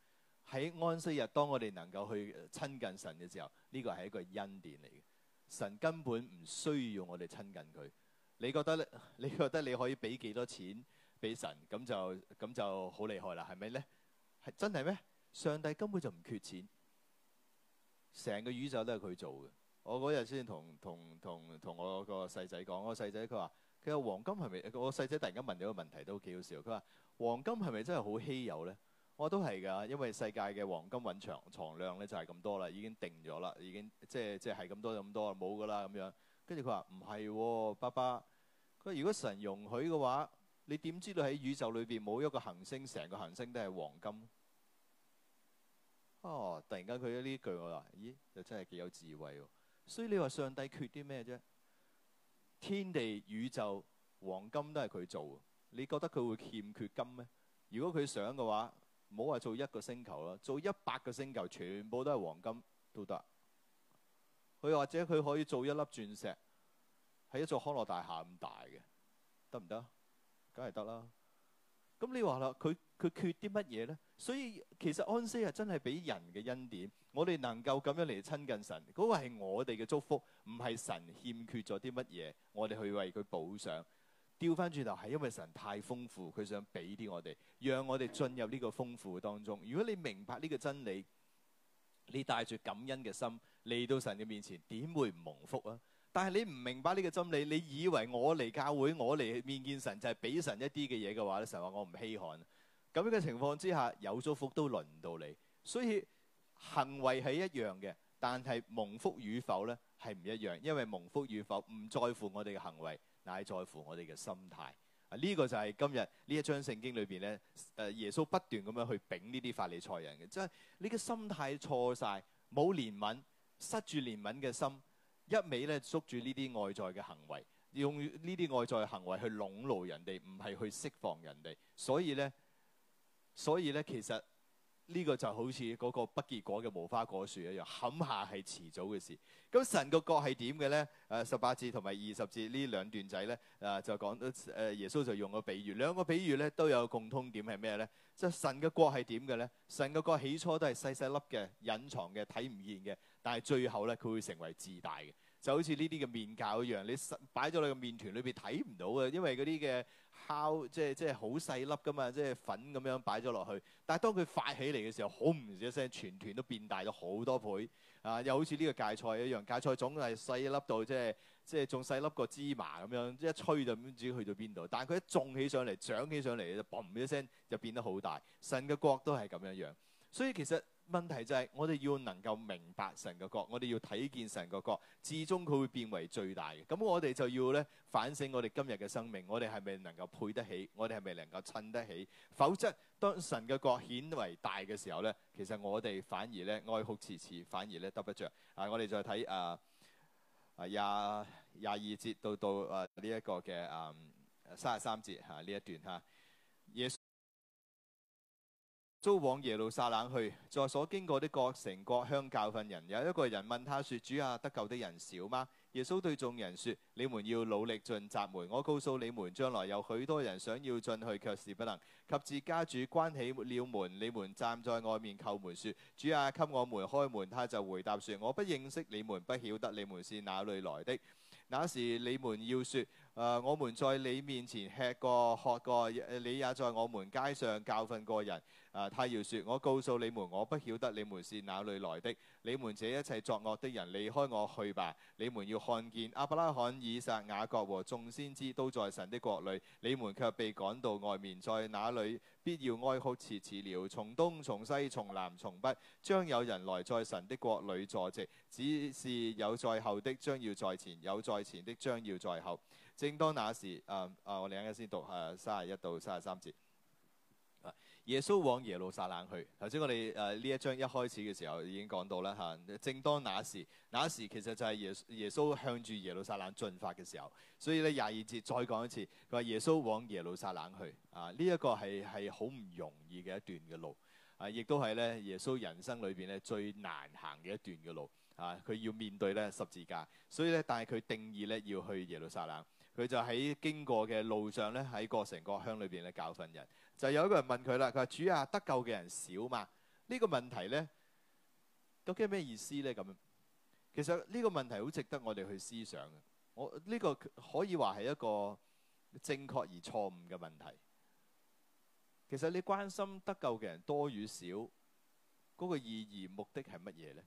喺安息日，當我哋能夠去親近神嘅時候，呢個係一個恩典嚟嘅。神根本唔需要我哋親近佢。你覺得咧？你覺得你可以俾幾多錢俾神？咁就咁就好厲害啦，係咪咧？係真係咩？上帝根本就唔缺錢，成個宇宙都係佢做嘅。我嗰日先同同同同我個細仔講，我細仔佢話，佢話黃金係咪？我細仔突然間問咗個問題都幾好笑。佢話：黃金係咪真係好稀有咧？我、哦、都係㗎，因為世界嘅黃金蘊藏藏量咧就係咁多啦，已經定咗啦，已經即係即係係咁多就咁多，冇噶啦咁樣。跟住佢話唔係，爸爸佢如果神容許嘅話，你點知道喺宇宙裏邊冇一個行星，成個行星都係黃金？哦，突然間佢呢句我話咦，就真係幾有智慧喎。所以你話上帝缺啲咩啫？天地宇宙黃金都係佢做嘅，你覺得佢會欠缺金咩？如果佢想嘅話。唔好話做一個星球咯，做一百個星球全部都係黃金都得。佢或者佢可以做一粒鑽石，係一座康樂大廈咁大嘅，得唔得？梗係得啦。咁你話啦，佢佢缺啲乜嘢咧？所以其實安息係真係俾人嘅恩典，我哋能夠咁樣嚟親近神，嗰個係我哋嘅祝福，唔係神欠缺咗啲乜嘢，我哋去為佢補上。掉翻轉頭，係因為神太豐富，佢想俾啲我哋，讓我哋進入呢個豐富當中。如果你明白呢個真理，你帶住感恩嘅心嚟到神嘅面前，點會唔蒙福啊？但係你唔明白呢個真理，你以為我嚟教會，我嚟面見神就係、是、俾神一啲嘅嘢嘅話咧，成日話我唔稀罕。咁樣嘅情況之下，有祝福都輪唔到你。所以行為係一樣嘅，但係蒙福與否呢？係唔一樣，因為蒙福與否唔在乎我哋嘅行為。乃在乎我哋嘅心態。啊，呢個就係今日呢一章聖經裏邊咧，誒、啊、耶穌不斷咁樣去丙呢啲法利賽人嘅，即係你嘅心態錯晒，冇憐憫，失住憐憫嘅心，一味咧捉住呢啲外在嘅行為，用呢啲外在嘅行為去籠絡人哋，唔係去釋放人哋，所以咧，所以咧其實。呢個就好似嗰個不結果嘅無花果樹一樣，冚下係遲早嘅事。咁神個國係點嘅咧？誒十八節同埋二十節呢兩段仔咧，誒、呃、就講到誒耶穌就用比兩個比喻，兩個比喻咧都有共通點係咩咧？即係神嘅國係點嘅咧？神嘅國起初都係細細粒嘅、隱藏嘅、睇唔見嘅，但係最後咧佢會成為至大嘅，就好似呢啲嘅麵酵一樣，你擺咗你個麵團裏邊睇唔到嘅，因為嗰啲嘅。拋即係即係好細粒噶嘛，即係粉咁樣擺咗落去。但係當佢發起嚟嘅時候，好唔少聲，全團都變大咗好多倍啊！又好似呢個芥菜一樣，芥菜總係細粒到即係即係仲細粒過芝麻咁樣，一吹就唔知去到邊度。但係佢一種起上嚟、長起上嚟咧，嘣一聲就變得好大。神嘅國都係咁樣樣，所以其實。問題就係、是，我哋要能夠明白神嘅國，我哋要睇見神嘅國，至終佢會變為最大嘅。咁我哋就要咧反省我哋今日嘅生命，我哋係咪能夠配得起？我哋係咪能夠襯得起？否則當神嘅國顯為大嘅時候咧，其實我哋反而咧哀哭遲遲，反而咧得不着。啊，我哋再睇啊啊廿廿二節到到啊呢一、這個嘅啊卅三,三節吓呢、啊、一段吓。啊蘇往耶路撒冷去，在所經過的各城各鄉教訓人。有一個人問他說：主啊，得救的人少嗎？耶穌對眾人說：你們要努力進窄門。我告訴你們，將來有許多人想要進去，卻是不能。及至家主關起了門，你們站在外面叩門，說：主啊，給我們開門。他就回答說：我不認識你們，不曉得你們是哪裏來的。那時你們要說。呃、我們在你面前吃過喝過，你也在我們街上教訓過人。啊、呃，他要説：我告訴你們，我不曉得你們是哪裏來的。你們這一切作惡的人，離開我去吧！你們要看見亞伯拉罕、以撒、雅各和眾先知都在神的國裏，你們卻被趕到外面，在那裏必要哀哭切齒了。從東從西從南從北，將有人來在神的國裏坐席。只是有在後的，將要在前；有在前的，將要在後。正當那時，啊啊，我哋而家先讀啊三十一到三十三節。耶穌往耶路撒冷去。頭先我哋誒呢一章一開始嘅時候已經講到啦吓，啊。正當那時，那時其實就係耶穌耶穌向住耶路撒冷進發嘅時候。所以咧廿二節再講一次，佢話耶穌往耶路撒冷去啊。呢一個係係好唔容易嘅一段嘅路啊，亦都係咧耶穌人生裏邊咧最難行嘅一段嘅路啊。佢要面對咧十字架，所以咧但係佢定義咧要去耶路撒冷。佢就喺經過嘅路上咧，喺各城各鄉裏邊咧教訓人。就有一個人問佢啦，佢話主啊，得救嘅人少嘛？呢個問題咧究竟係咩意思咧？咁其實呢個問題好值得我哋去思想嘅。我呢個可以話係一個正確而錯誤嘅問題。其實你關心得救嘅人多與少嗰個意義目的係乜嘢咧？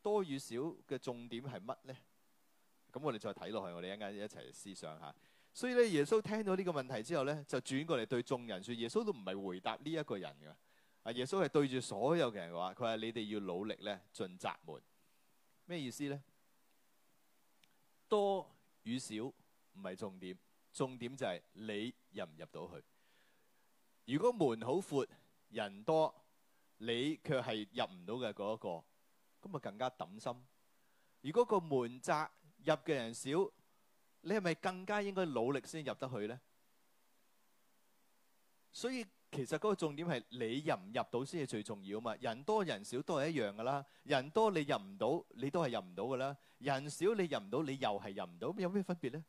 多與少嘅重點係乜咧？咁我哋再睇落去，我哋一陣間一齊思想下。所以咧，耶穌聽到呢個問題之後咧，就轉過嚟對眾人説：耶穌都唔係回答呢一個人㗎，啊耶穌係對住所有嘅人嘅話。佢話：你哋要努力咧進窄門。咩意思咧？多與少唔係重點，重點就係你入唔入到去。如果門好闊，人多，你卻係入唔到嘅嗰一個，咁咪更加抌心。如果個門窄，入嘅人少，你係咪更加應該努力先入得去呢？所以其實嗰個重點係你入唔入到先係最重要啊嘛！人多人少都係一樣噶啦，人多你入唔到，你都係入唔到噶啦；人少你入唔到，你又係入唔到，有咩分別呢？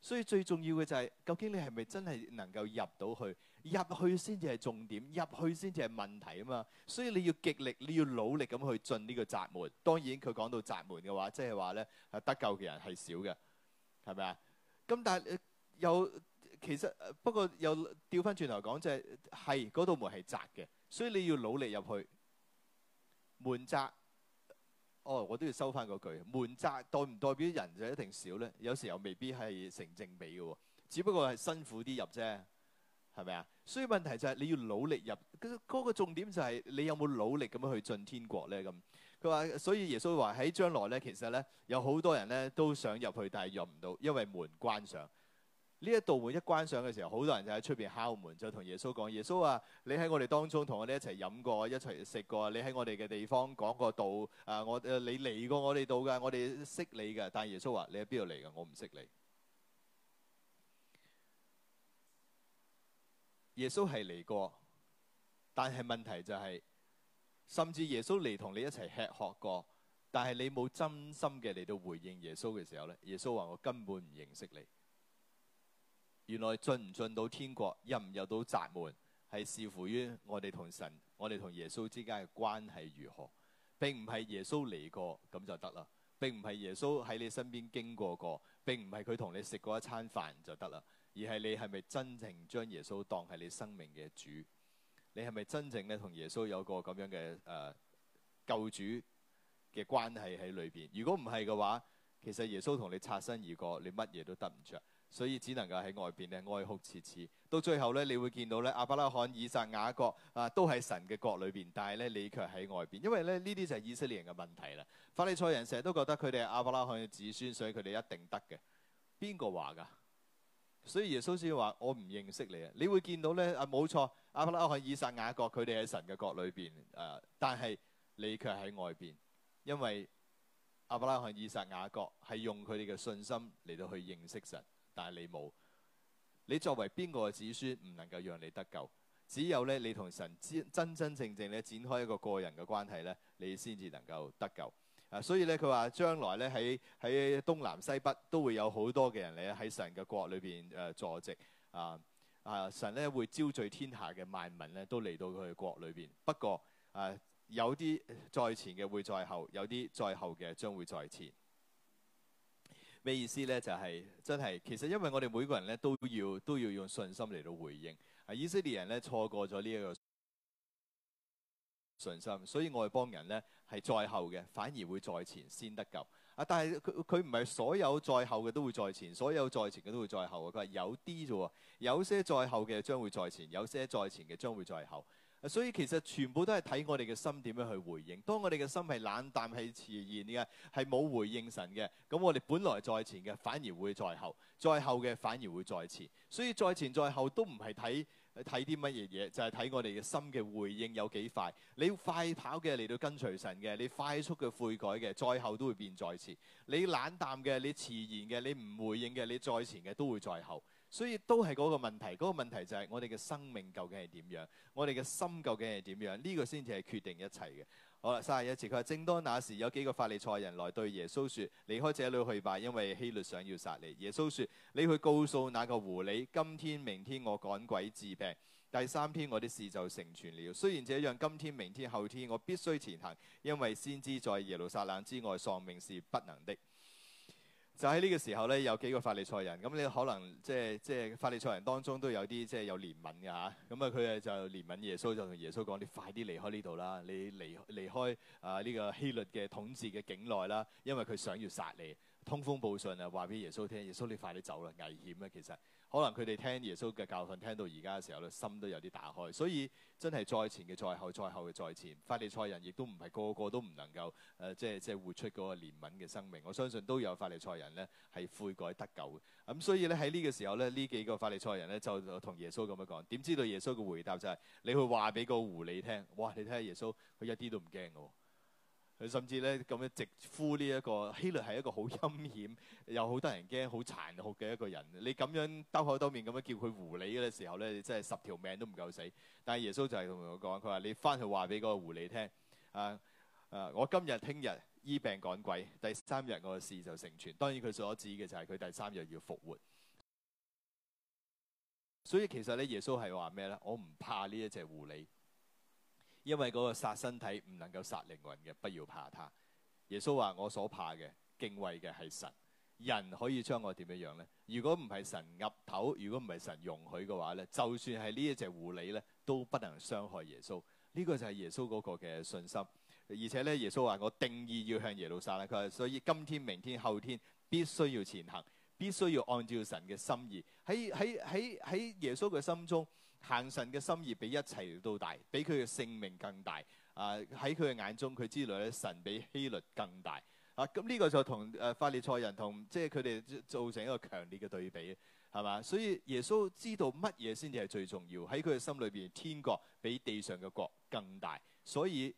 所以最重要嘅就係、是，究竟你係咪真係能夠入到去？入去先至係重點，入去先至係問題啊嘛。所以你要極力，你要努力咁去進呢個窄門。當然佢講到窄門嘅話，即係話咧，得救嘅人係少嘅，係咪啊？咁但係有其實不過又掉返轉頭講就係，係嗰道門係窄嘅，所以你要努力入去。門窄。哦，我都要收翻嗰句，門窄代唔代表人就一定少呢？有時候未必係成正比嘅喎，只不過係辛苦啲入啫，係咪啊？所以問題就係你要努力入，嗰個重點就係你有冇努力咁樣去進天國呢？咁佢話，所以耶穌話喺將來呢，其實呢，有好多人呢都想入去，但係入唔到，因為門關上。呢一道門一關上嘅時候，好多人就喺出邊敲門，就同耶穌講：耶穌啊，你喺我哋當中，同我哋一齊飲過，一齊食過，你喺我哋嘅地方講過道，啊，我你嚟過我哋度㗎，我哋識你㗎。但係耶穌話、啊：你喺邊度嚟㗎？我唔識你。耶穌係嚟過，但係問題就係、是，甚至耶穌嚟同你一齊吃喝過，但係你冇真心嘅嚟到回應耶穌嘅時候咧，耶穌話：我根本唔認識你。原來進唔進到天國，入唔入到窄門，係視乎於我哋同神、我哋同耶穌之間嘅關係如何，並唔係耶穌嚟過咁就得啦，並唔係耶穌喺你身邊經過過，並唔係佢同你食過一餐飯就得啦，而係你係咪真正將耶穌當係你生命嘅主？你係咪真正咧同耶穌有個咁樣嘅誒、呃、救主嘅關係喺裏邊？如果唔係嘅話，其實耶穌同你擦身而過，你乜嘢都得唔着。所以只能夠喺外邊咧哀哭切齒。到最後咧，你會見到咧，亞伯拉罕、以撒、雅各啊，都喺神嘅國裏邊，但係咧你卻喺外邊，因為咧呢啲就係以色列人嘅問題啦。法利賽人成日都覺得佢哋係亞伯拉罕嘅子孫，所以佢哋一定得嘅。邊個話㗎？所以耶穌先話：我唔認識你啊！你會見到咧啊，冇錯，亞伯拉罕、以撒、雅各佢哋喺神嘅國裏邊啊，但係你卻喺外邊，因為亞伯拉罕、以撒、雅各係用佢哋嘅信心嚟到去認識神。但係你冇，你作為邊個嘅子孫唔能夠讓你得救，只有咧你同神真真真正正咧展開一個個人嘅關係咧，你先至能夠得救。啊，所以咧佢話將來咧喺喺東南西北都會有好多嘅人咧喺神嘅國裏邊誒坐席啊啊，神咧會招聚天下嘅萬民咧都嚟到佢嘅國裏邊。不過啊，有啲在前嘅會在後，有啲在後嘅將會在前。咩意思咧？就係真係，其實因為我哋每個人咧都要都要用信心嚟到回應。啊，以色列人咧錯過咗呢一個信心，所以外邦人咧係在後嘅，反而會在前先得救。啊，但係佢佢唔係所有在後嘅都會在前，所有在前嘅都會在後。佢話有啲啫，有些在後嘅將會在前，有些在前嘅將會在後。所以其實全部都係睇我哋嘅心點樣去回應。當我哋嘅心係冷淡、係遲延嘅，係冇回應神嘅，咁我哋本來在前嘅，反而會在後；在後嘅反而會在前。所以在前在後都唔係睇睇啲乜嘢嘢，就係睇我哋嘅心嘅回應有幾快。你快跑嘅嚟到跟隨神嘅，你快速嘅悔改嘅，在後都會變在前；你冷淡嘅、你遲延嘅、你唔回應嘅、你在前嘅都會在後。所以都係嗰個問題，嗰、那個問題就係我哋嘅生命究竟係點樣？我哋嘅心究竟係點樣？呢、這個先至係決定一切嘅。好啦，三十一節，佢話正當那時，有幾個法利賽人來對耶穌説：離開這裏去吧，因為希律想要殺你。耶穌説：你去告訴那個狐狸，今天、明天我趕鬼治病，第三天我的事就成全了。雖然這樣，今天、明天、後天我必須前行，因為先知在耶路撒冷之外喪命是不能的。就喺呢個時候咧，有幾個法利賽人，咁、嗯、你可能即係即係法利賽人當中都有啲即係有憐憫嘅，吓，咁啊佢哋就憐憫耶穌，就同耶穌講：你快啲離開呢度啦，你離離開啊呢、這個希律嘅統治嘅境內啦，因為佢想要殺你。通風報信啊，話俾耶穌聽：耶穌你快啲走啦，危險啊其實。可能佢哋聽耶穌嘅教訓，聽到而家嘅時候咧，心都有啲打開。所以真係在前嘅在後，在後嘅在前。法利賽人亦都唔係個個都唔能夠誒、呃，即係即係活出嗰個憐憫嘅生命。我相信都有法利賽人咧係悔改得救嘅。咁、嗯、所以咧喺呢個時候咧，呢幾個法利賽人咧就同耶穌咁樣講。點知道耶穌嘅回答就係、是、你去話俾個狐狸聽。哇！你睇下耶穌，佢一啲都唔驚嘅。佢甚至咧咁樣直呼呢、這個、一個希律係一個好陰險、又好多人驚、好殘酷嘅一個人。你咁樣兜口兜面咁樣叫佢狐狸嘅時候咧，你真係十條命都唔夠死。但係耶穌就係同佢講，佢話你翻去話俾個狐狸聽。啊啊！我今日、聽日醫病趕鬼，第三日我嘅事就成全。當然佢所指嘅就係佢第三日要復活。所以其實咧，耶穌係話咩咧？我唔怕呢一隻狐狸。因為嗰個殺身體唔能夠殺靈魂嘅，不要怕他。耶穌話：我所怕嘅、敬畏嘅係神。人可以將我點樣樣呢？如果唔係神壓頭，如果唔係神容許嘅話呢，就算係呢一隻狐狸呢，都不能傷害耶穌。呢、這個就係耶穌嗰個嘅信心。而且呢，耶穌話我定義要向耶路撒冷，佢話所以今天、明天、後天必須要前行，必須要按照神嘅心意。喺喺喺耶穌嘅心中。行神嘅心意比一切都大，比佢嘅性命更大。啊，喺佢嘅眼中，佢知道咧，神比希律更大。啊，咁呢個就同誒、啊、法利賽人同即係佢哋造成一個強烈嘅對比，係嘛？所以耶穌知道乜嘢先至係最重要，喺佢嘅心裏邊，天國比地上嘅國更大。所以誒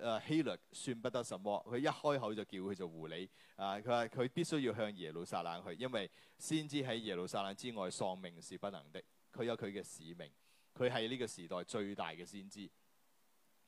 誒、啊、希律算不得什麼，佢一開口就叫佢做狐狸。啊，佢話佢必須要向耶路撒冷去，因為先知喺耶路撒冷之外喪命是不能的。佢有佢嘅使命，佢係呢個時代最大嘅先知，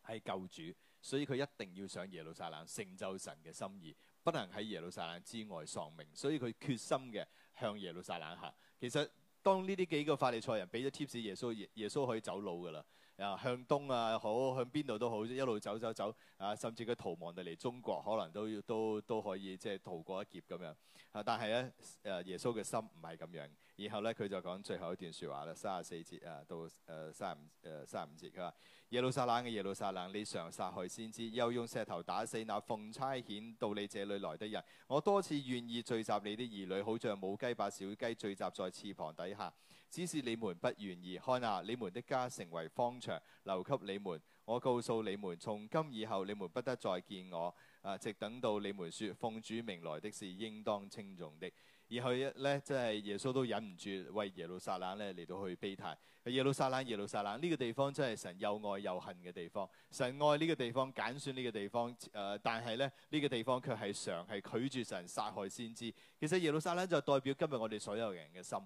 係救主，所以佢一定要上耶路撒冷成就神嘅心意，不能喺耶路撒冷之外喪命，所以佢決心嘅向耶路撒冷行。其實當呢啲幾個法利賽人俾咗 tips，耶穌耶，耶穌可以走路噶啦。啊，向東啊好，向邊度都好，一路走走走啊，甚至佢逃亡到嚟中國，可能都要都都可以即係、就是、逃過一劫咁樣。啊，但係咧，誒、啊、耶穌嘅心唔係咁樣。然後咧，佢就講最後一段説話啦，三十四節啊，到誒三十五誒三十五節，佢話：耶路撒冷嘅耶路撒冷，你常殺害先知，又用石頭打死那奉差遣到你這裏來的人。我多次願意聚集你啲兒女，好像母雞把小雞聚集在翅膀底下。只是你們不願意，看啊！你們的家成為荒場，留給你們。我告訴你們，從今以後，你們不得再見我。啊、呃！直等到你們說奉主名來的是應當稱頌的。而去一呢，即係耶穌都忍唔住為耶路撒冷呢嚟到去悲嘆。耶路撒冷，耶路撒冷，呢、這個地方真係神又愛又恨嘅地方。神愛呢個地方，揀選呢個地方。誒、呃，但係呢，呢、這個地方卻係常係拒絕神，殺害先知。其實耶路撒冷就代表今日我哋所有人嘅心。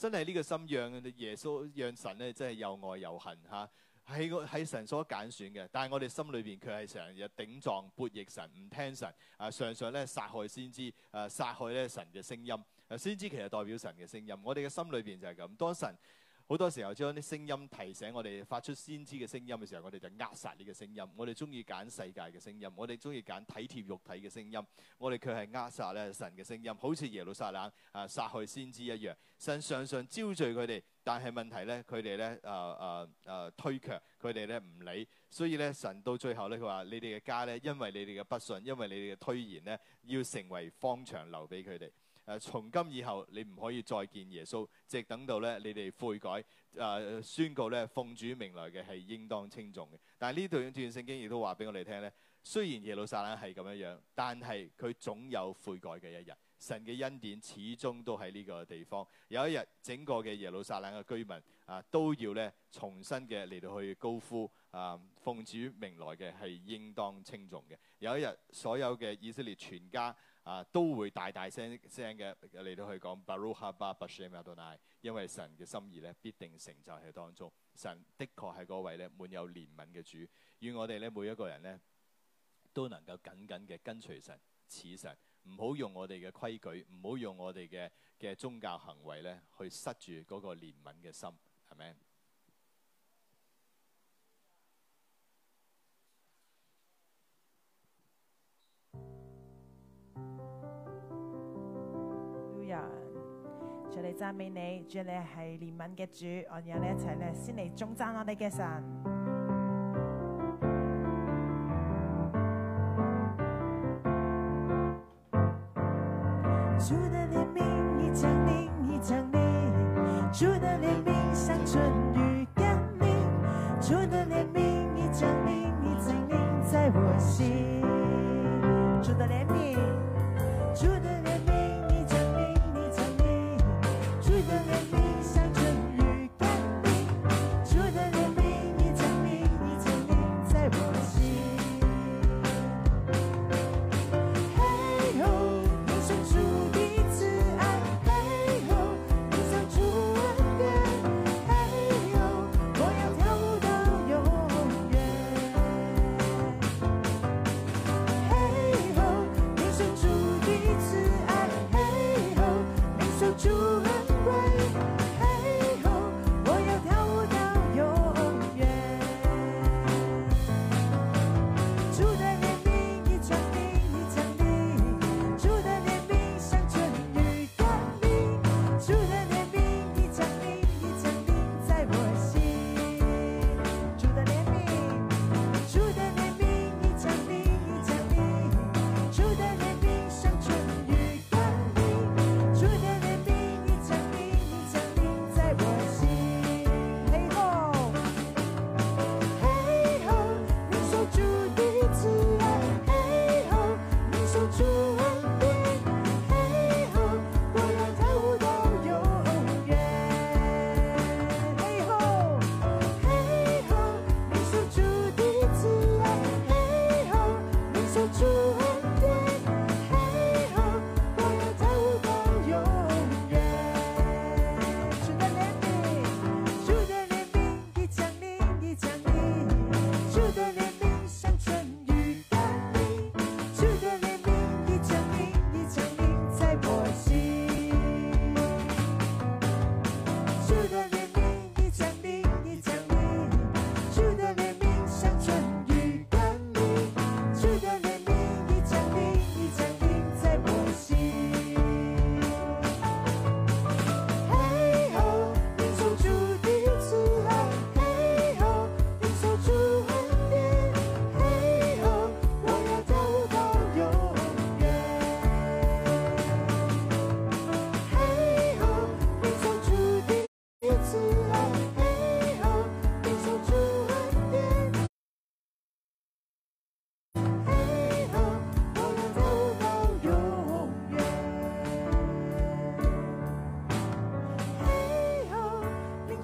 真係呢個心讓耶穌讓神咧，真係又愛又恨吓，喺個喺神所揀選嘅，但係我哋心裏邊佢係成日頂撞叛逆神，唔聽神，啊常常咧殺害先知，誒、啊、殺害咧神嘅聲音，誒、啊、先知其實代表神嘅聲音，我哋嘅心裏邊就係咁，當神。好多時候將啲聲音提醒我哋發出先知嘅聲音嘅時候，我哋就扼殺呢個聲音。我哋中意揀世界嘅聲音，我哋中意揀體貼肉體嘅聲音，我哋卻係扼殺咧神嘅聲音，好似耶路撒冷啊殺害先知一樣。神常常招聚佢哋，但係問題咧，佢哋咧啊啊啊推卻，佢哋咧唔理，所以咧神到最後咧，佢話你哋嘅家咧，因為你哋嘅不信，因為你哋嘅推延咧，要成為荒場，留俾佢哋。誒，從今以後你唔可以再見耶穌，直等到咧你哋悔改，誒、呃、宣告咧奉主名來嘅係應當稱頌嘅。但係呢段段聖經亦都話俾我哋聽咧，雖然耶路撒冷係咁樣樣，但係佢總有悔改嘅一日。神嘅恩典始終都喺呢個地方。有一日，整個嘅耶路撒冷嘅居民啊都要咧重新嘅嚟到去高呼啊，奉主名來嘅係應當稱頌嘅。有一日，所有嘅以色列全家。啊，都會大大聲聲嘅嚟到去講 Baruch 哈巴 B'shem Adonai，因為神嘅心意咧必定成就喺當中。神的確係嗰位咧滿有憐憫嘅主，願我哋咧每一個人咧都能夠緊緊嘅跟隨神，似神，唔好用我哋嘅規矩，唔好用我哋嘅嘅宗教行為咧去塞住嗰個憐憫嘅心，係咪？主你，讚美你，主你係憐憫嘅主，我有你一齊咧，先嚟頌讚我哋嘅神。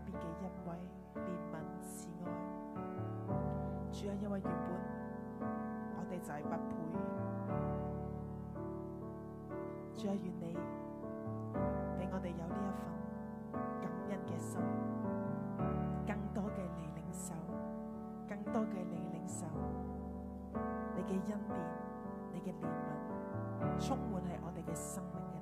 邊嘅一位憐憫、慈愛，主啊，因為原本我哋就係不配，主啊，願你俾我哋有呢一份感恩嘅心，更多嘅嚟領受，更多嘅嚟領受，你嘅恩典、你嘅憐憫，充滿係我哋嘅生命嘅。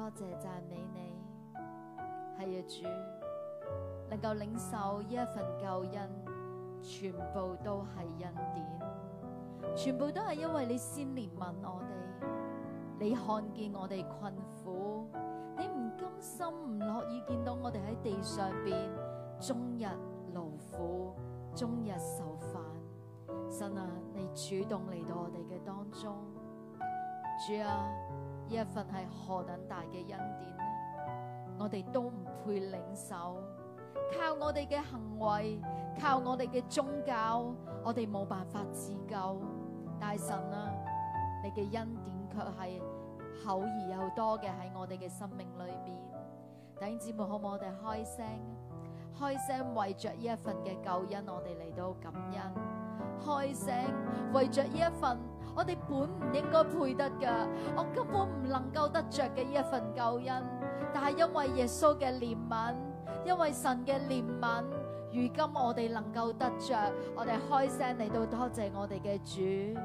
多謝讚美你，係啊，主能夠領受呢一份救恩，全部都係恩典，全部都係因為你先憐憫我哋，你看見我哋困苦，你唔甘心唔樂意見到我哋喺地上邊終日勞苦，終日受犯。神啊，你主動嚟到我哋嘅當中，主啊。呢一份係何等大嘅恩典呢，啊？我哋都唔配領受，靠我哋嘅行為，靠我哋嘅宗教，我哋冇辦法自救。但係神啊，你嘅恩典卻係厚而又多嘅喺我哋嘅生命裏面。弟兄姊妹，可唔可以我哋開聲？開聲為着呢一份嘅救恩，我哋嚟到感恩。開聲為着呢一份。我哋本唔應該配得㗎，我根本唔能夠得着嘅呢一份救恩，但係因為耶穌嘅憐憫，因為神嘅憐憫，如今我哋能夠得着，我哋開聲嚟到多謝我哋嘅主。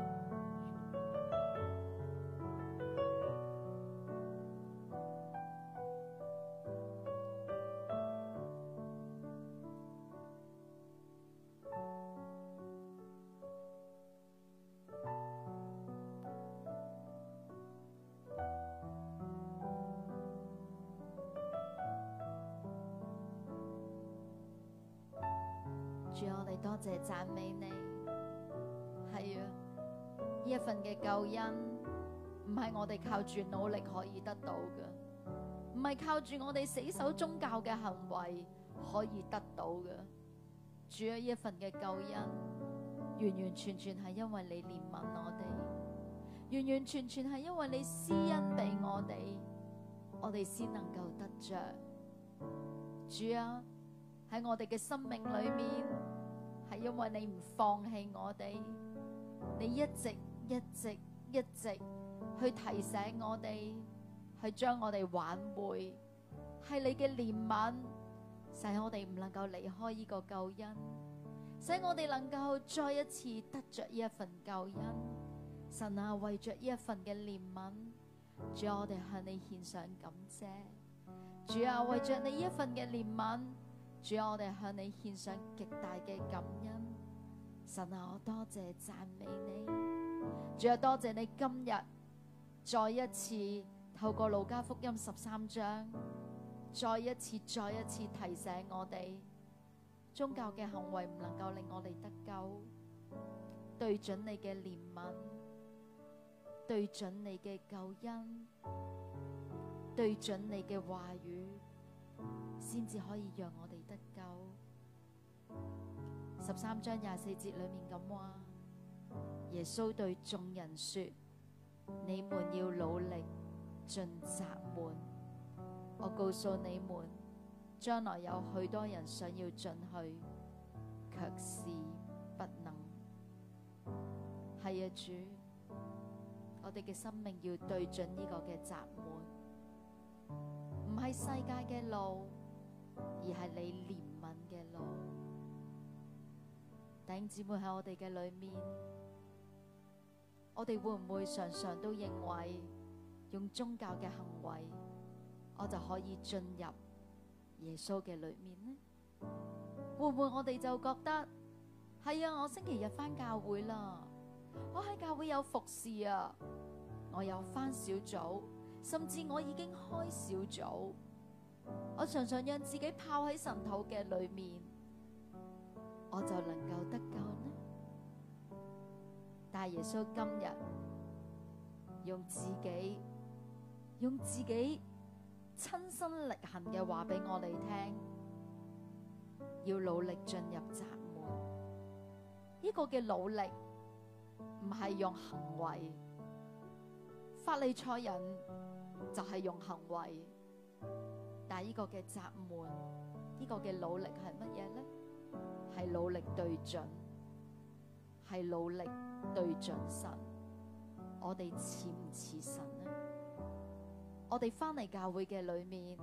我哋靠住努力可以得到嘅，唔係靠住我哋死守宗教嘅行為可以得到嘅。主啊，呢一份嘅救恩，完完全全係因為你憐憫我哋，完完全全係因為你施恩俾我哋，我哋先能夠得着。主啊，喺我哋嘅生命裏面，係因為你唔放棄我哋，你一直一直一直，一直一直去提醒我哋，去將我哋挽回，係你嘅憐憫，使我哋唔能夠離開呢個救恩，使我哋能夠再一次得着呢一份救恩。神啊，為着呢一份嘅憐憫，主我哋向你獻上感謝。主啊，為着你呢一份嘅憐憫，主我哋向你獻上極大嘅感恩。神啊，我多謝讚美你。主啊，多謝你今日。再一次透過《路加福音》十三章，再一次再一次提醒我哋，宗教嘅行為唔能夠令我哋得救，對準你嘅憐憫，對準你嘅救恩，對準你嘅話語，先至可以讓我哋得救。十三章廿四節裏面咁話，耶穌對眾人說。你們要努力進窄門，我告訴你們，將來有許多人想要進去，卻是不能。係啊，主，我哋嘅生命要對準呢個嘅窄門，唔係世界嘅路，而係你憐憫嘅路。弟兄姊妹喺我哋嘅裏面。我哋會唔會常常都認為用宗教嘅行為，我就可以進入耶穌嘅裏面呢？會唔會我哋就覺得係啊？我星期日返教會啦，我喺教會有服侍啊，我有返小組，甚至我已經開小組。我常常讓自己泡喺神土嘅裏面，我就能夠得救呢？但係耶穌今日用自己用自己親身力行嘅話俾我哋聽，要努力進入窄門。呢、這個嘅努力唔係用行為，法利賽人就係、是、用行為。但係呢個嘅窄門，呢、這個嘅努力係乜嘢呢？係努力對準。係努力對準神，我哋似唔似神呢？我哋返嚟教會嘅裏面，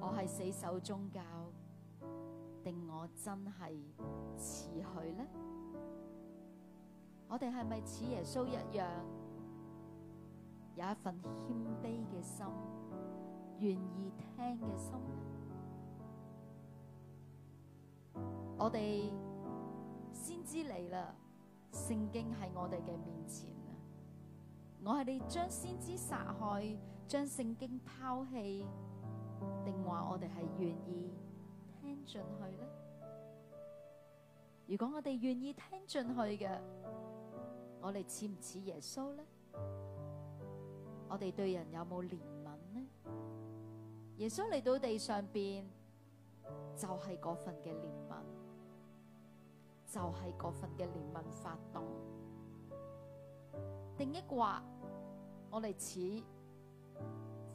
我係死守宗教，定我真係似佢呢？我哋係咪似耶穌一樣，有一份謙卑嘅心，願意聽嘅心？我哋先知你啦！聖經喺我哋嘅面前啊！我係你將先知殺害，將聖經拋棄，定話我哋係願意聽進去呢？如果我哋願意聽進去嘅，我哋似唔似耶穌呢？我哋對人有冇憐憫呢？耶穌嚟到地上邊，就係嗰份嘅憐憫。就係嗰份嘅憐憫發動，定一個話我哋似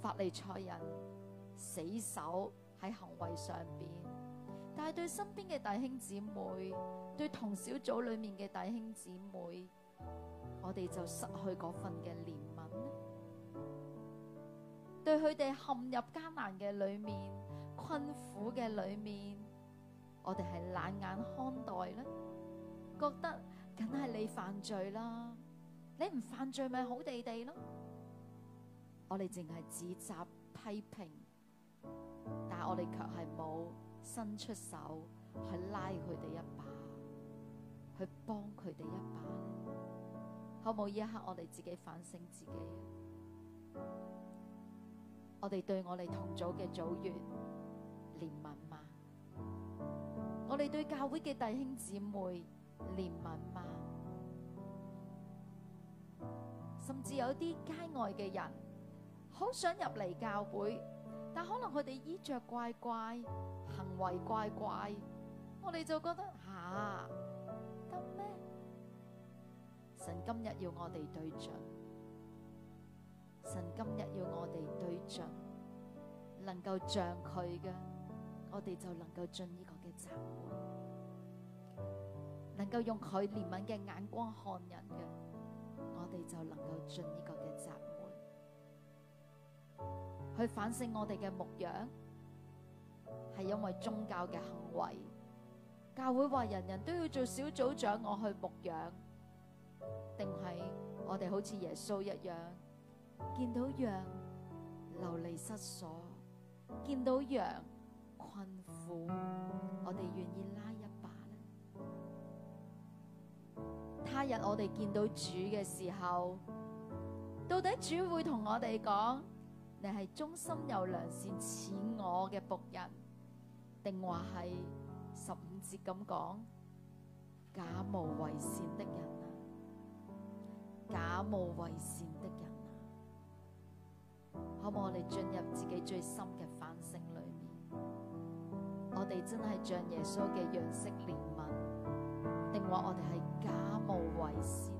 法利賽人死守喺行為上邊，但係對身邊嘅弟兄姊妹，對同小組裏面嘅弟兄姊妹，我哋就失去嗰份嘅憐憫呢？對佢哋陷入艱難嘅裏面，困苦嘅裏面，我哋係冷眼看待呢？覺得梗係你犯罪啦，你唔犯罪咪好地地咯。我哋淨係指責批評，但係我哋卻係冇伸出手去拉佢哋一把，去幫佢哋一把，好冇？呢一刻我哋自己反省自己，我哋對我哋同組嘅組員憐憫嘛，我哋對教會嘅弟兄姊妹？憐憫嘛，甚至有啲街外嘅人，好想入嚟教會，但可能佢哋衣着怪怪，行為怪怪，我哋就覺得吓，得咩？神今日要我哋對象，神今日要我哋對象，能夠像佢嘅，我哋就能夠進呢個嘅集會。能夠用佢憐憫嘅眼光看人嘅，我哋就能夠進呢個嘅窄門去反省我哋嘅牧養，係因為宗教嘅行為？教會話人人都要做小組長，我去牧養，定係我哋好似耶穌一樣，見到羊流離失所，見到羊困苦，我哋願意。一日我哋見到主嘅時候，到底主會同我哋講，你係忠心又良善似我嘅僕人，定話係十五節咁講假冒為善的人啊？假冒為善的人啊？可唔可我哋進入自己最深嘅反省裏面？我哋真係像耶穌嘅樣式憐憫。話我哋係假冒為善，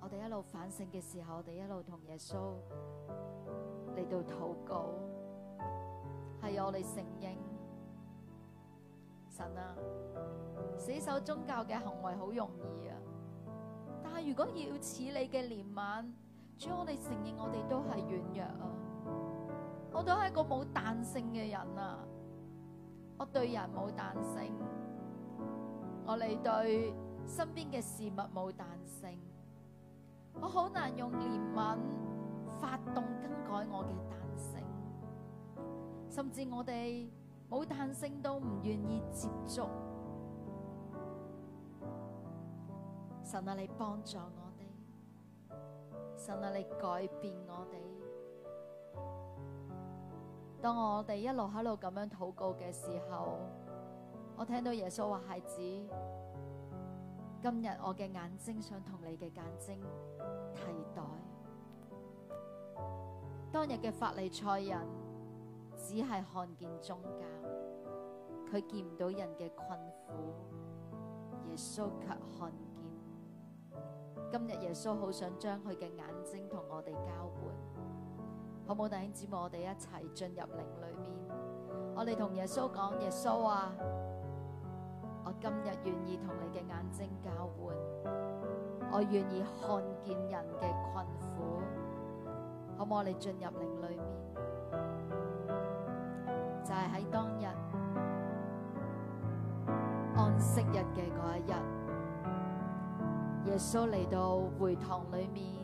我哋一路反省嘅時候，我哋一路同耶穌嚟到禱告，係我哋承認神啊，死守宗教嘅行為好容易啊，但係如果要似你嘅憐憫，主，我哋承認我哋都係軟弱啊。我都係一個冇彈性嘅人啊！我對人冇彈性，我哋對身邊嘅事物冇彈性，我好難用憐憫發動更改我嘅彈性，甚至我哋冇彈性都唔願意接觸。神啊，你幫助我哋，神啊，你改變我哋。當我哋一路喺度咁樣禱告嘅時候，我聽到耶穌話：孩子，今日我嘅眼睛想同你嘅眼睛替代。當日嘅法利賽人只係看見宗教，佢見唔到人嘅困苦，耶穌卻看見。今日耶穌好想將佢嘅眼睛同我哋交換。可冇弟兄姊妹，我哋一齊進入靈裏面。我哋同耶穌講：耶穌啊，我今日願意同你嘅眼睛交換，我願意看見人嘅困苦。可冇，我哋進入靈裏面，就係喺當日安息日嘅嗰一日，耶穌嚟到會堂裏面。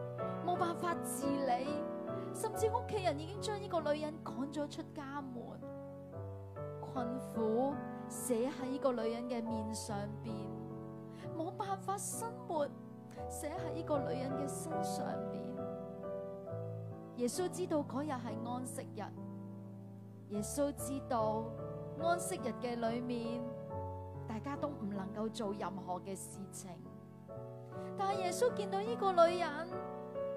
冇辦法自理，甚至屋企人已經將呢個女人趕咗出家門，困苦寫喺呢個女人嘅面上邊，冇辦法生活寫喺呢個女人嘅身上邊。耶穌知道嗰日係安息日，耶穌知道安息日嘅裏面，大家都唔能夠做任何嘅事情，但係耶穌見到呢個女人。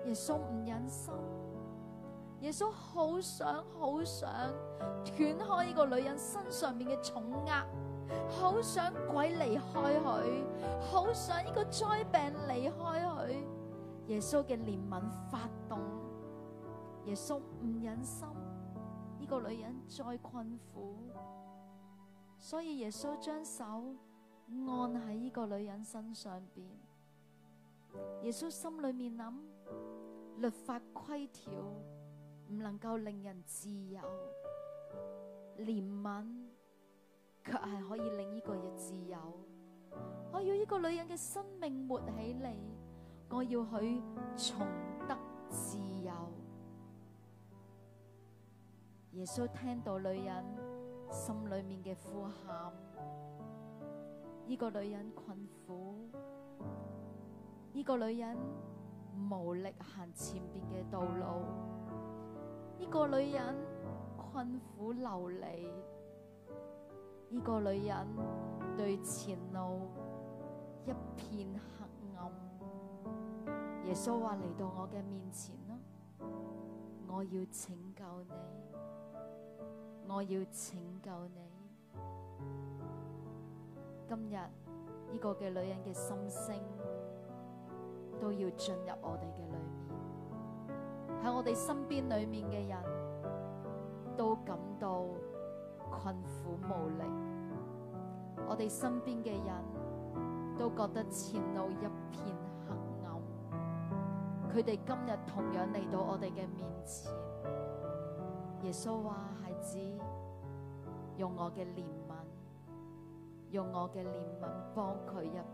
耶穌唔忍心，耶穌好想好想斷開呢個女人身上面嘅重壓，好想鬼離開佢，好想呢個災病離開佢。耶穌嘅憐憫發動，耶穌唔忍心呢個女人再困苦，所以耶穌將手按喺呢個女人身上邊。耶穌心裏面諗。律法規條唔能夠令人自由，憐憫卻係可以令呢個嘢自由。我要呢個女人嘅生命活起嚟，我要佢重得自由。耶穌聽到女人心裏面嘅呼喊，呢個女人困苦，呢個女人。無力行前邊嘅道路，呢個女人困苦流離，呢個女人對前路一片黑暗。耶穌話，嚟到我嘅面前咯，我要拯救你，我要拯救你。今日呢個嘅女人嘅心聲。都要進入我哋嘅裏面，喺我哋身邊裏面嘅人都感到困苦無力，我哋身邊嘅人都覺得前路一片黑暗，佢哋今日同樣嚟到我哋嘅面前。耶穌話：孩子，用我嘅憐憫，用我嘅憐憫幫佢一。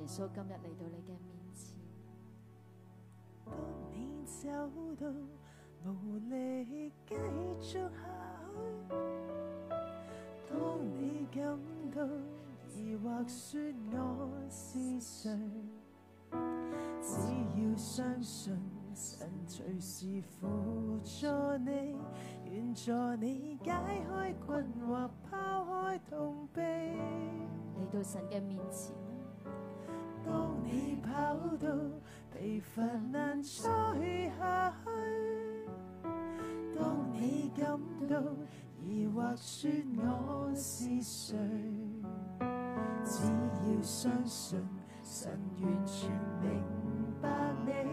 耶穌今日嚟到你嘅面前。當你走到無力繼續下去，當你感到疑惑說我是誰，只要相信神隨時輔助你，願助你解開困，或拋開痛悲，嚟到神嘅面前。當你跑到疲乏難再下去，當你感到疑惑說我是誰，只要相信神完全明白你，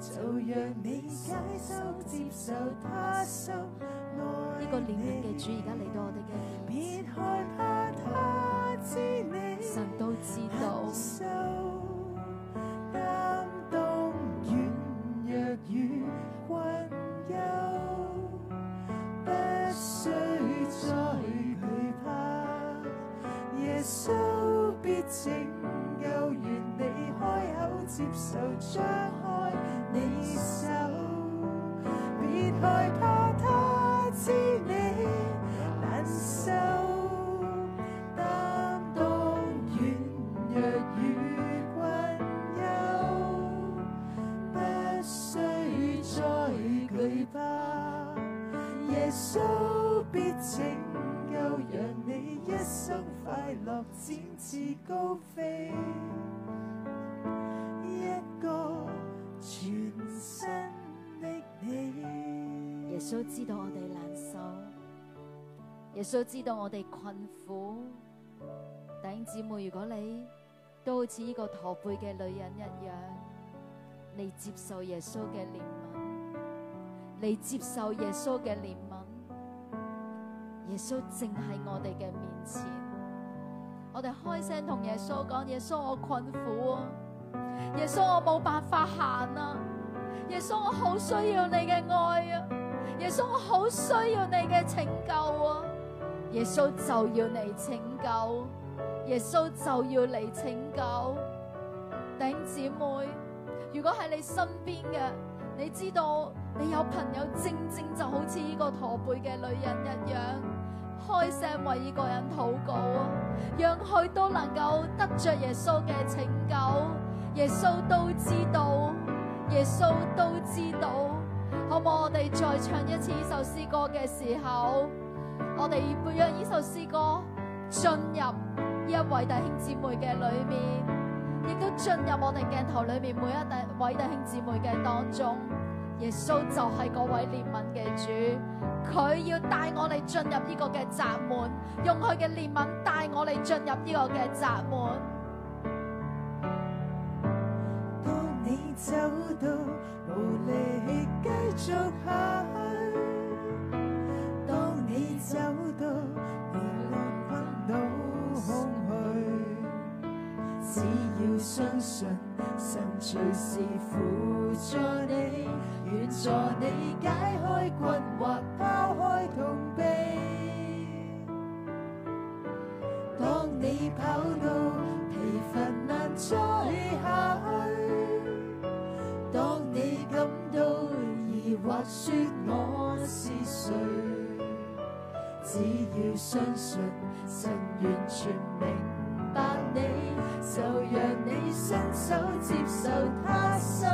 就讓你接受接受他心愛呢個憐憫嘅主，而家嚟到我哋嘅，別害怕，他知你，神都知道。耶穌必拯救，願你開口接受，張開你手，別害怕他知你難受。擔當軟弱與困憂，不需再懼怕。耶穌必拯救，讓你一生。快樂展翅高飛一個全新的你。耶穌知道我哋難受，耶穌知道我哋困苦。弟兄姊妹，如果你都好似呢個駝背嘅女人一樣，你接受耶穌嘅憐憫，你接受耶穌嘅憐憫。耶穌正喺我哋嘅面前。我哋開聲同耶穌講，耶穌我困苦啊，耶穌我冇辦法行啊，耶穌我好需要你嘅愛啊，耶穌我好需要你嘅拯救啊，耶穌就要嚟拯救，耶穌就要嚟拯救，弟兄姊妹，如果喺你身邊嘅，你知道你有朋友正正就好似呢個駝背嘅女人一樣。開聲為呢個人禱告，讓佢都能夠得着耶穌嘅拯救。耶穌都知道，耶穌都知道，好唔好我哋再唱一次呢首詩歌嘅時候，我哋要讓呢首詩歌進入一位弟兄姊妹嘅裏面，亦都進入我哋鏡頭裏面每一位弟兄姊妹嘅當中。耶穌就係嗰位憐憫嘅主，佢要帶我哋進入呢個嘅窄門，用佢嘅憐憫帶我哋進入呢個嘅窄門。當你走到無力繼續下去，當你走到連愛都到空虛。要相信神隨時輔助你，願助你解開困惑，拋開痛悲。當你跑到疲乏，難再下去，當你感到疑惑說，我是誰，只要相信神完全明白你，就讓你伸手接受他心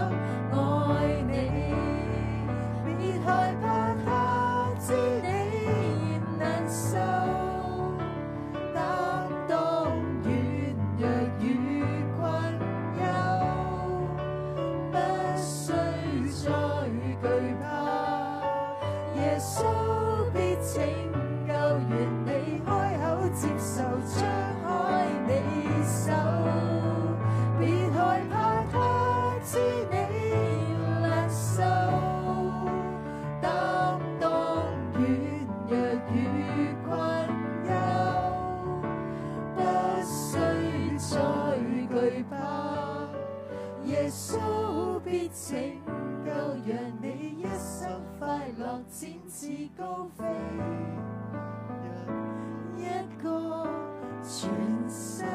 愛你，別害怕他知你仍難受。高飛一個全身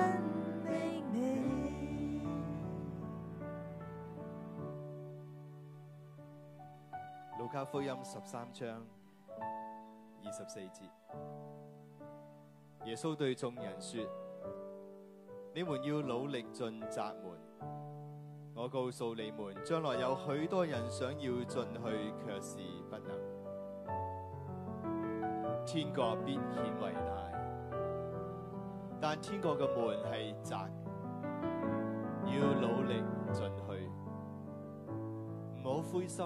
你。路加福音十三章二十四節，耶穌對眾人說：你們要努力進窄門。我告訴你們，將來有許多人想要進去，卻是不能。天國必顯為大，但天國嘅門係窄，要努力進去，唔好灰心，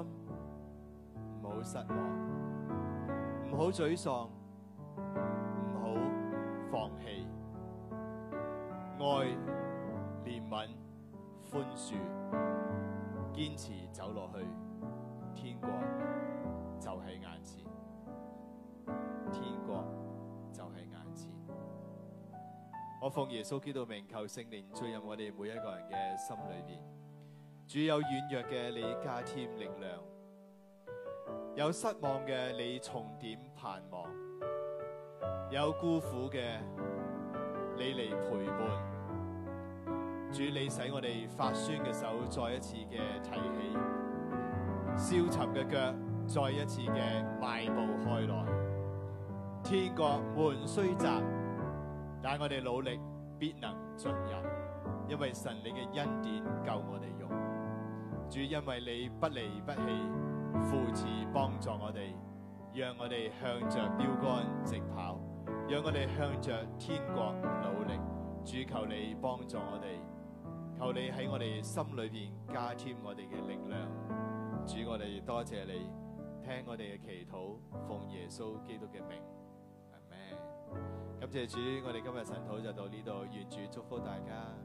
唔好失望，唔好沮喪，唔好放棄，愛、憐憫、寬恕，堅持走落去，天國就喺眼前。天國就喺眼前，我奉耶穌基督的名求聖靈進入我哋每一個人嘅心裏面。主，有軟弱嘅，你加添力量；有失望嘅，你重點盼望；有孤苦嘅，你嚟陪伴。主，你使我哋發酸嘅手再一次嘅提起，消沉嘅腳再一次嘅邁步開來。天國門雖窄，但我哋努力必能進入，因為神你嘅恩典夠我哋用。主，因為你不離不棄，扶持幫助我哋，讓我哋向着標杆直跑，讓我哋向着天國努力。主，求你幫助我哋，求你喺我哋心裏邊加添我哋嘅力量。主，我哋多謝你，聽我哋嘅祈禱，奉耶穌基督嘅名。感謝主，我哋今日晨禱就到呢度，願主祝福大家。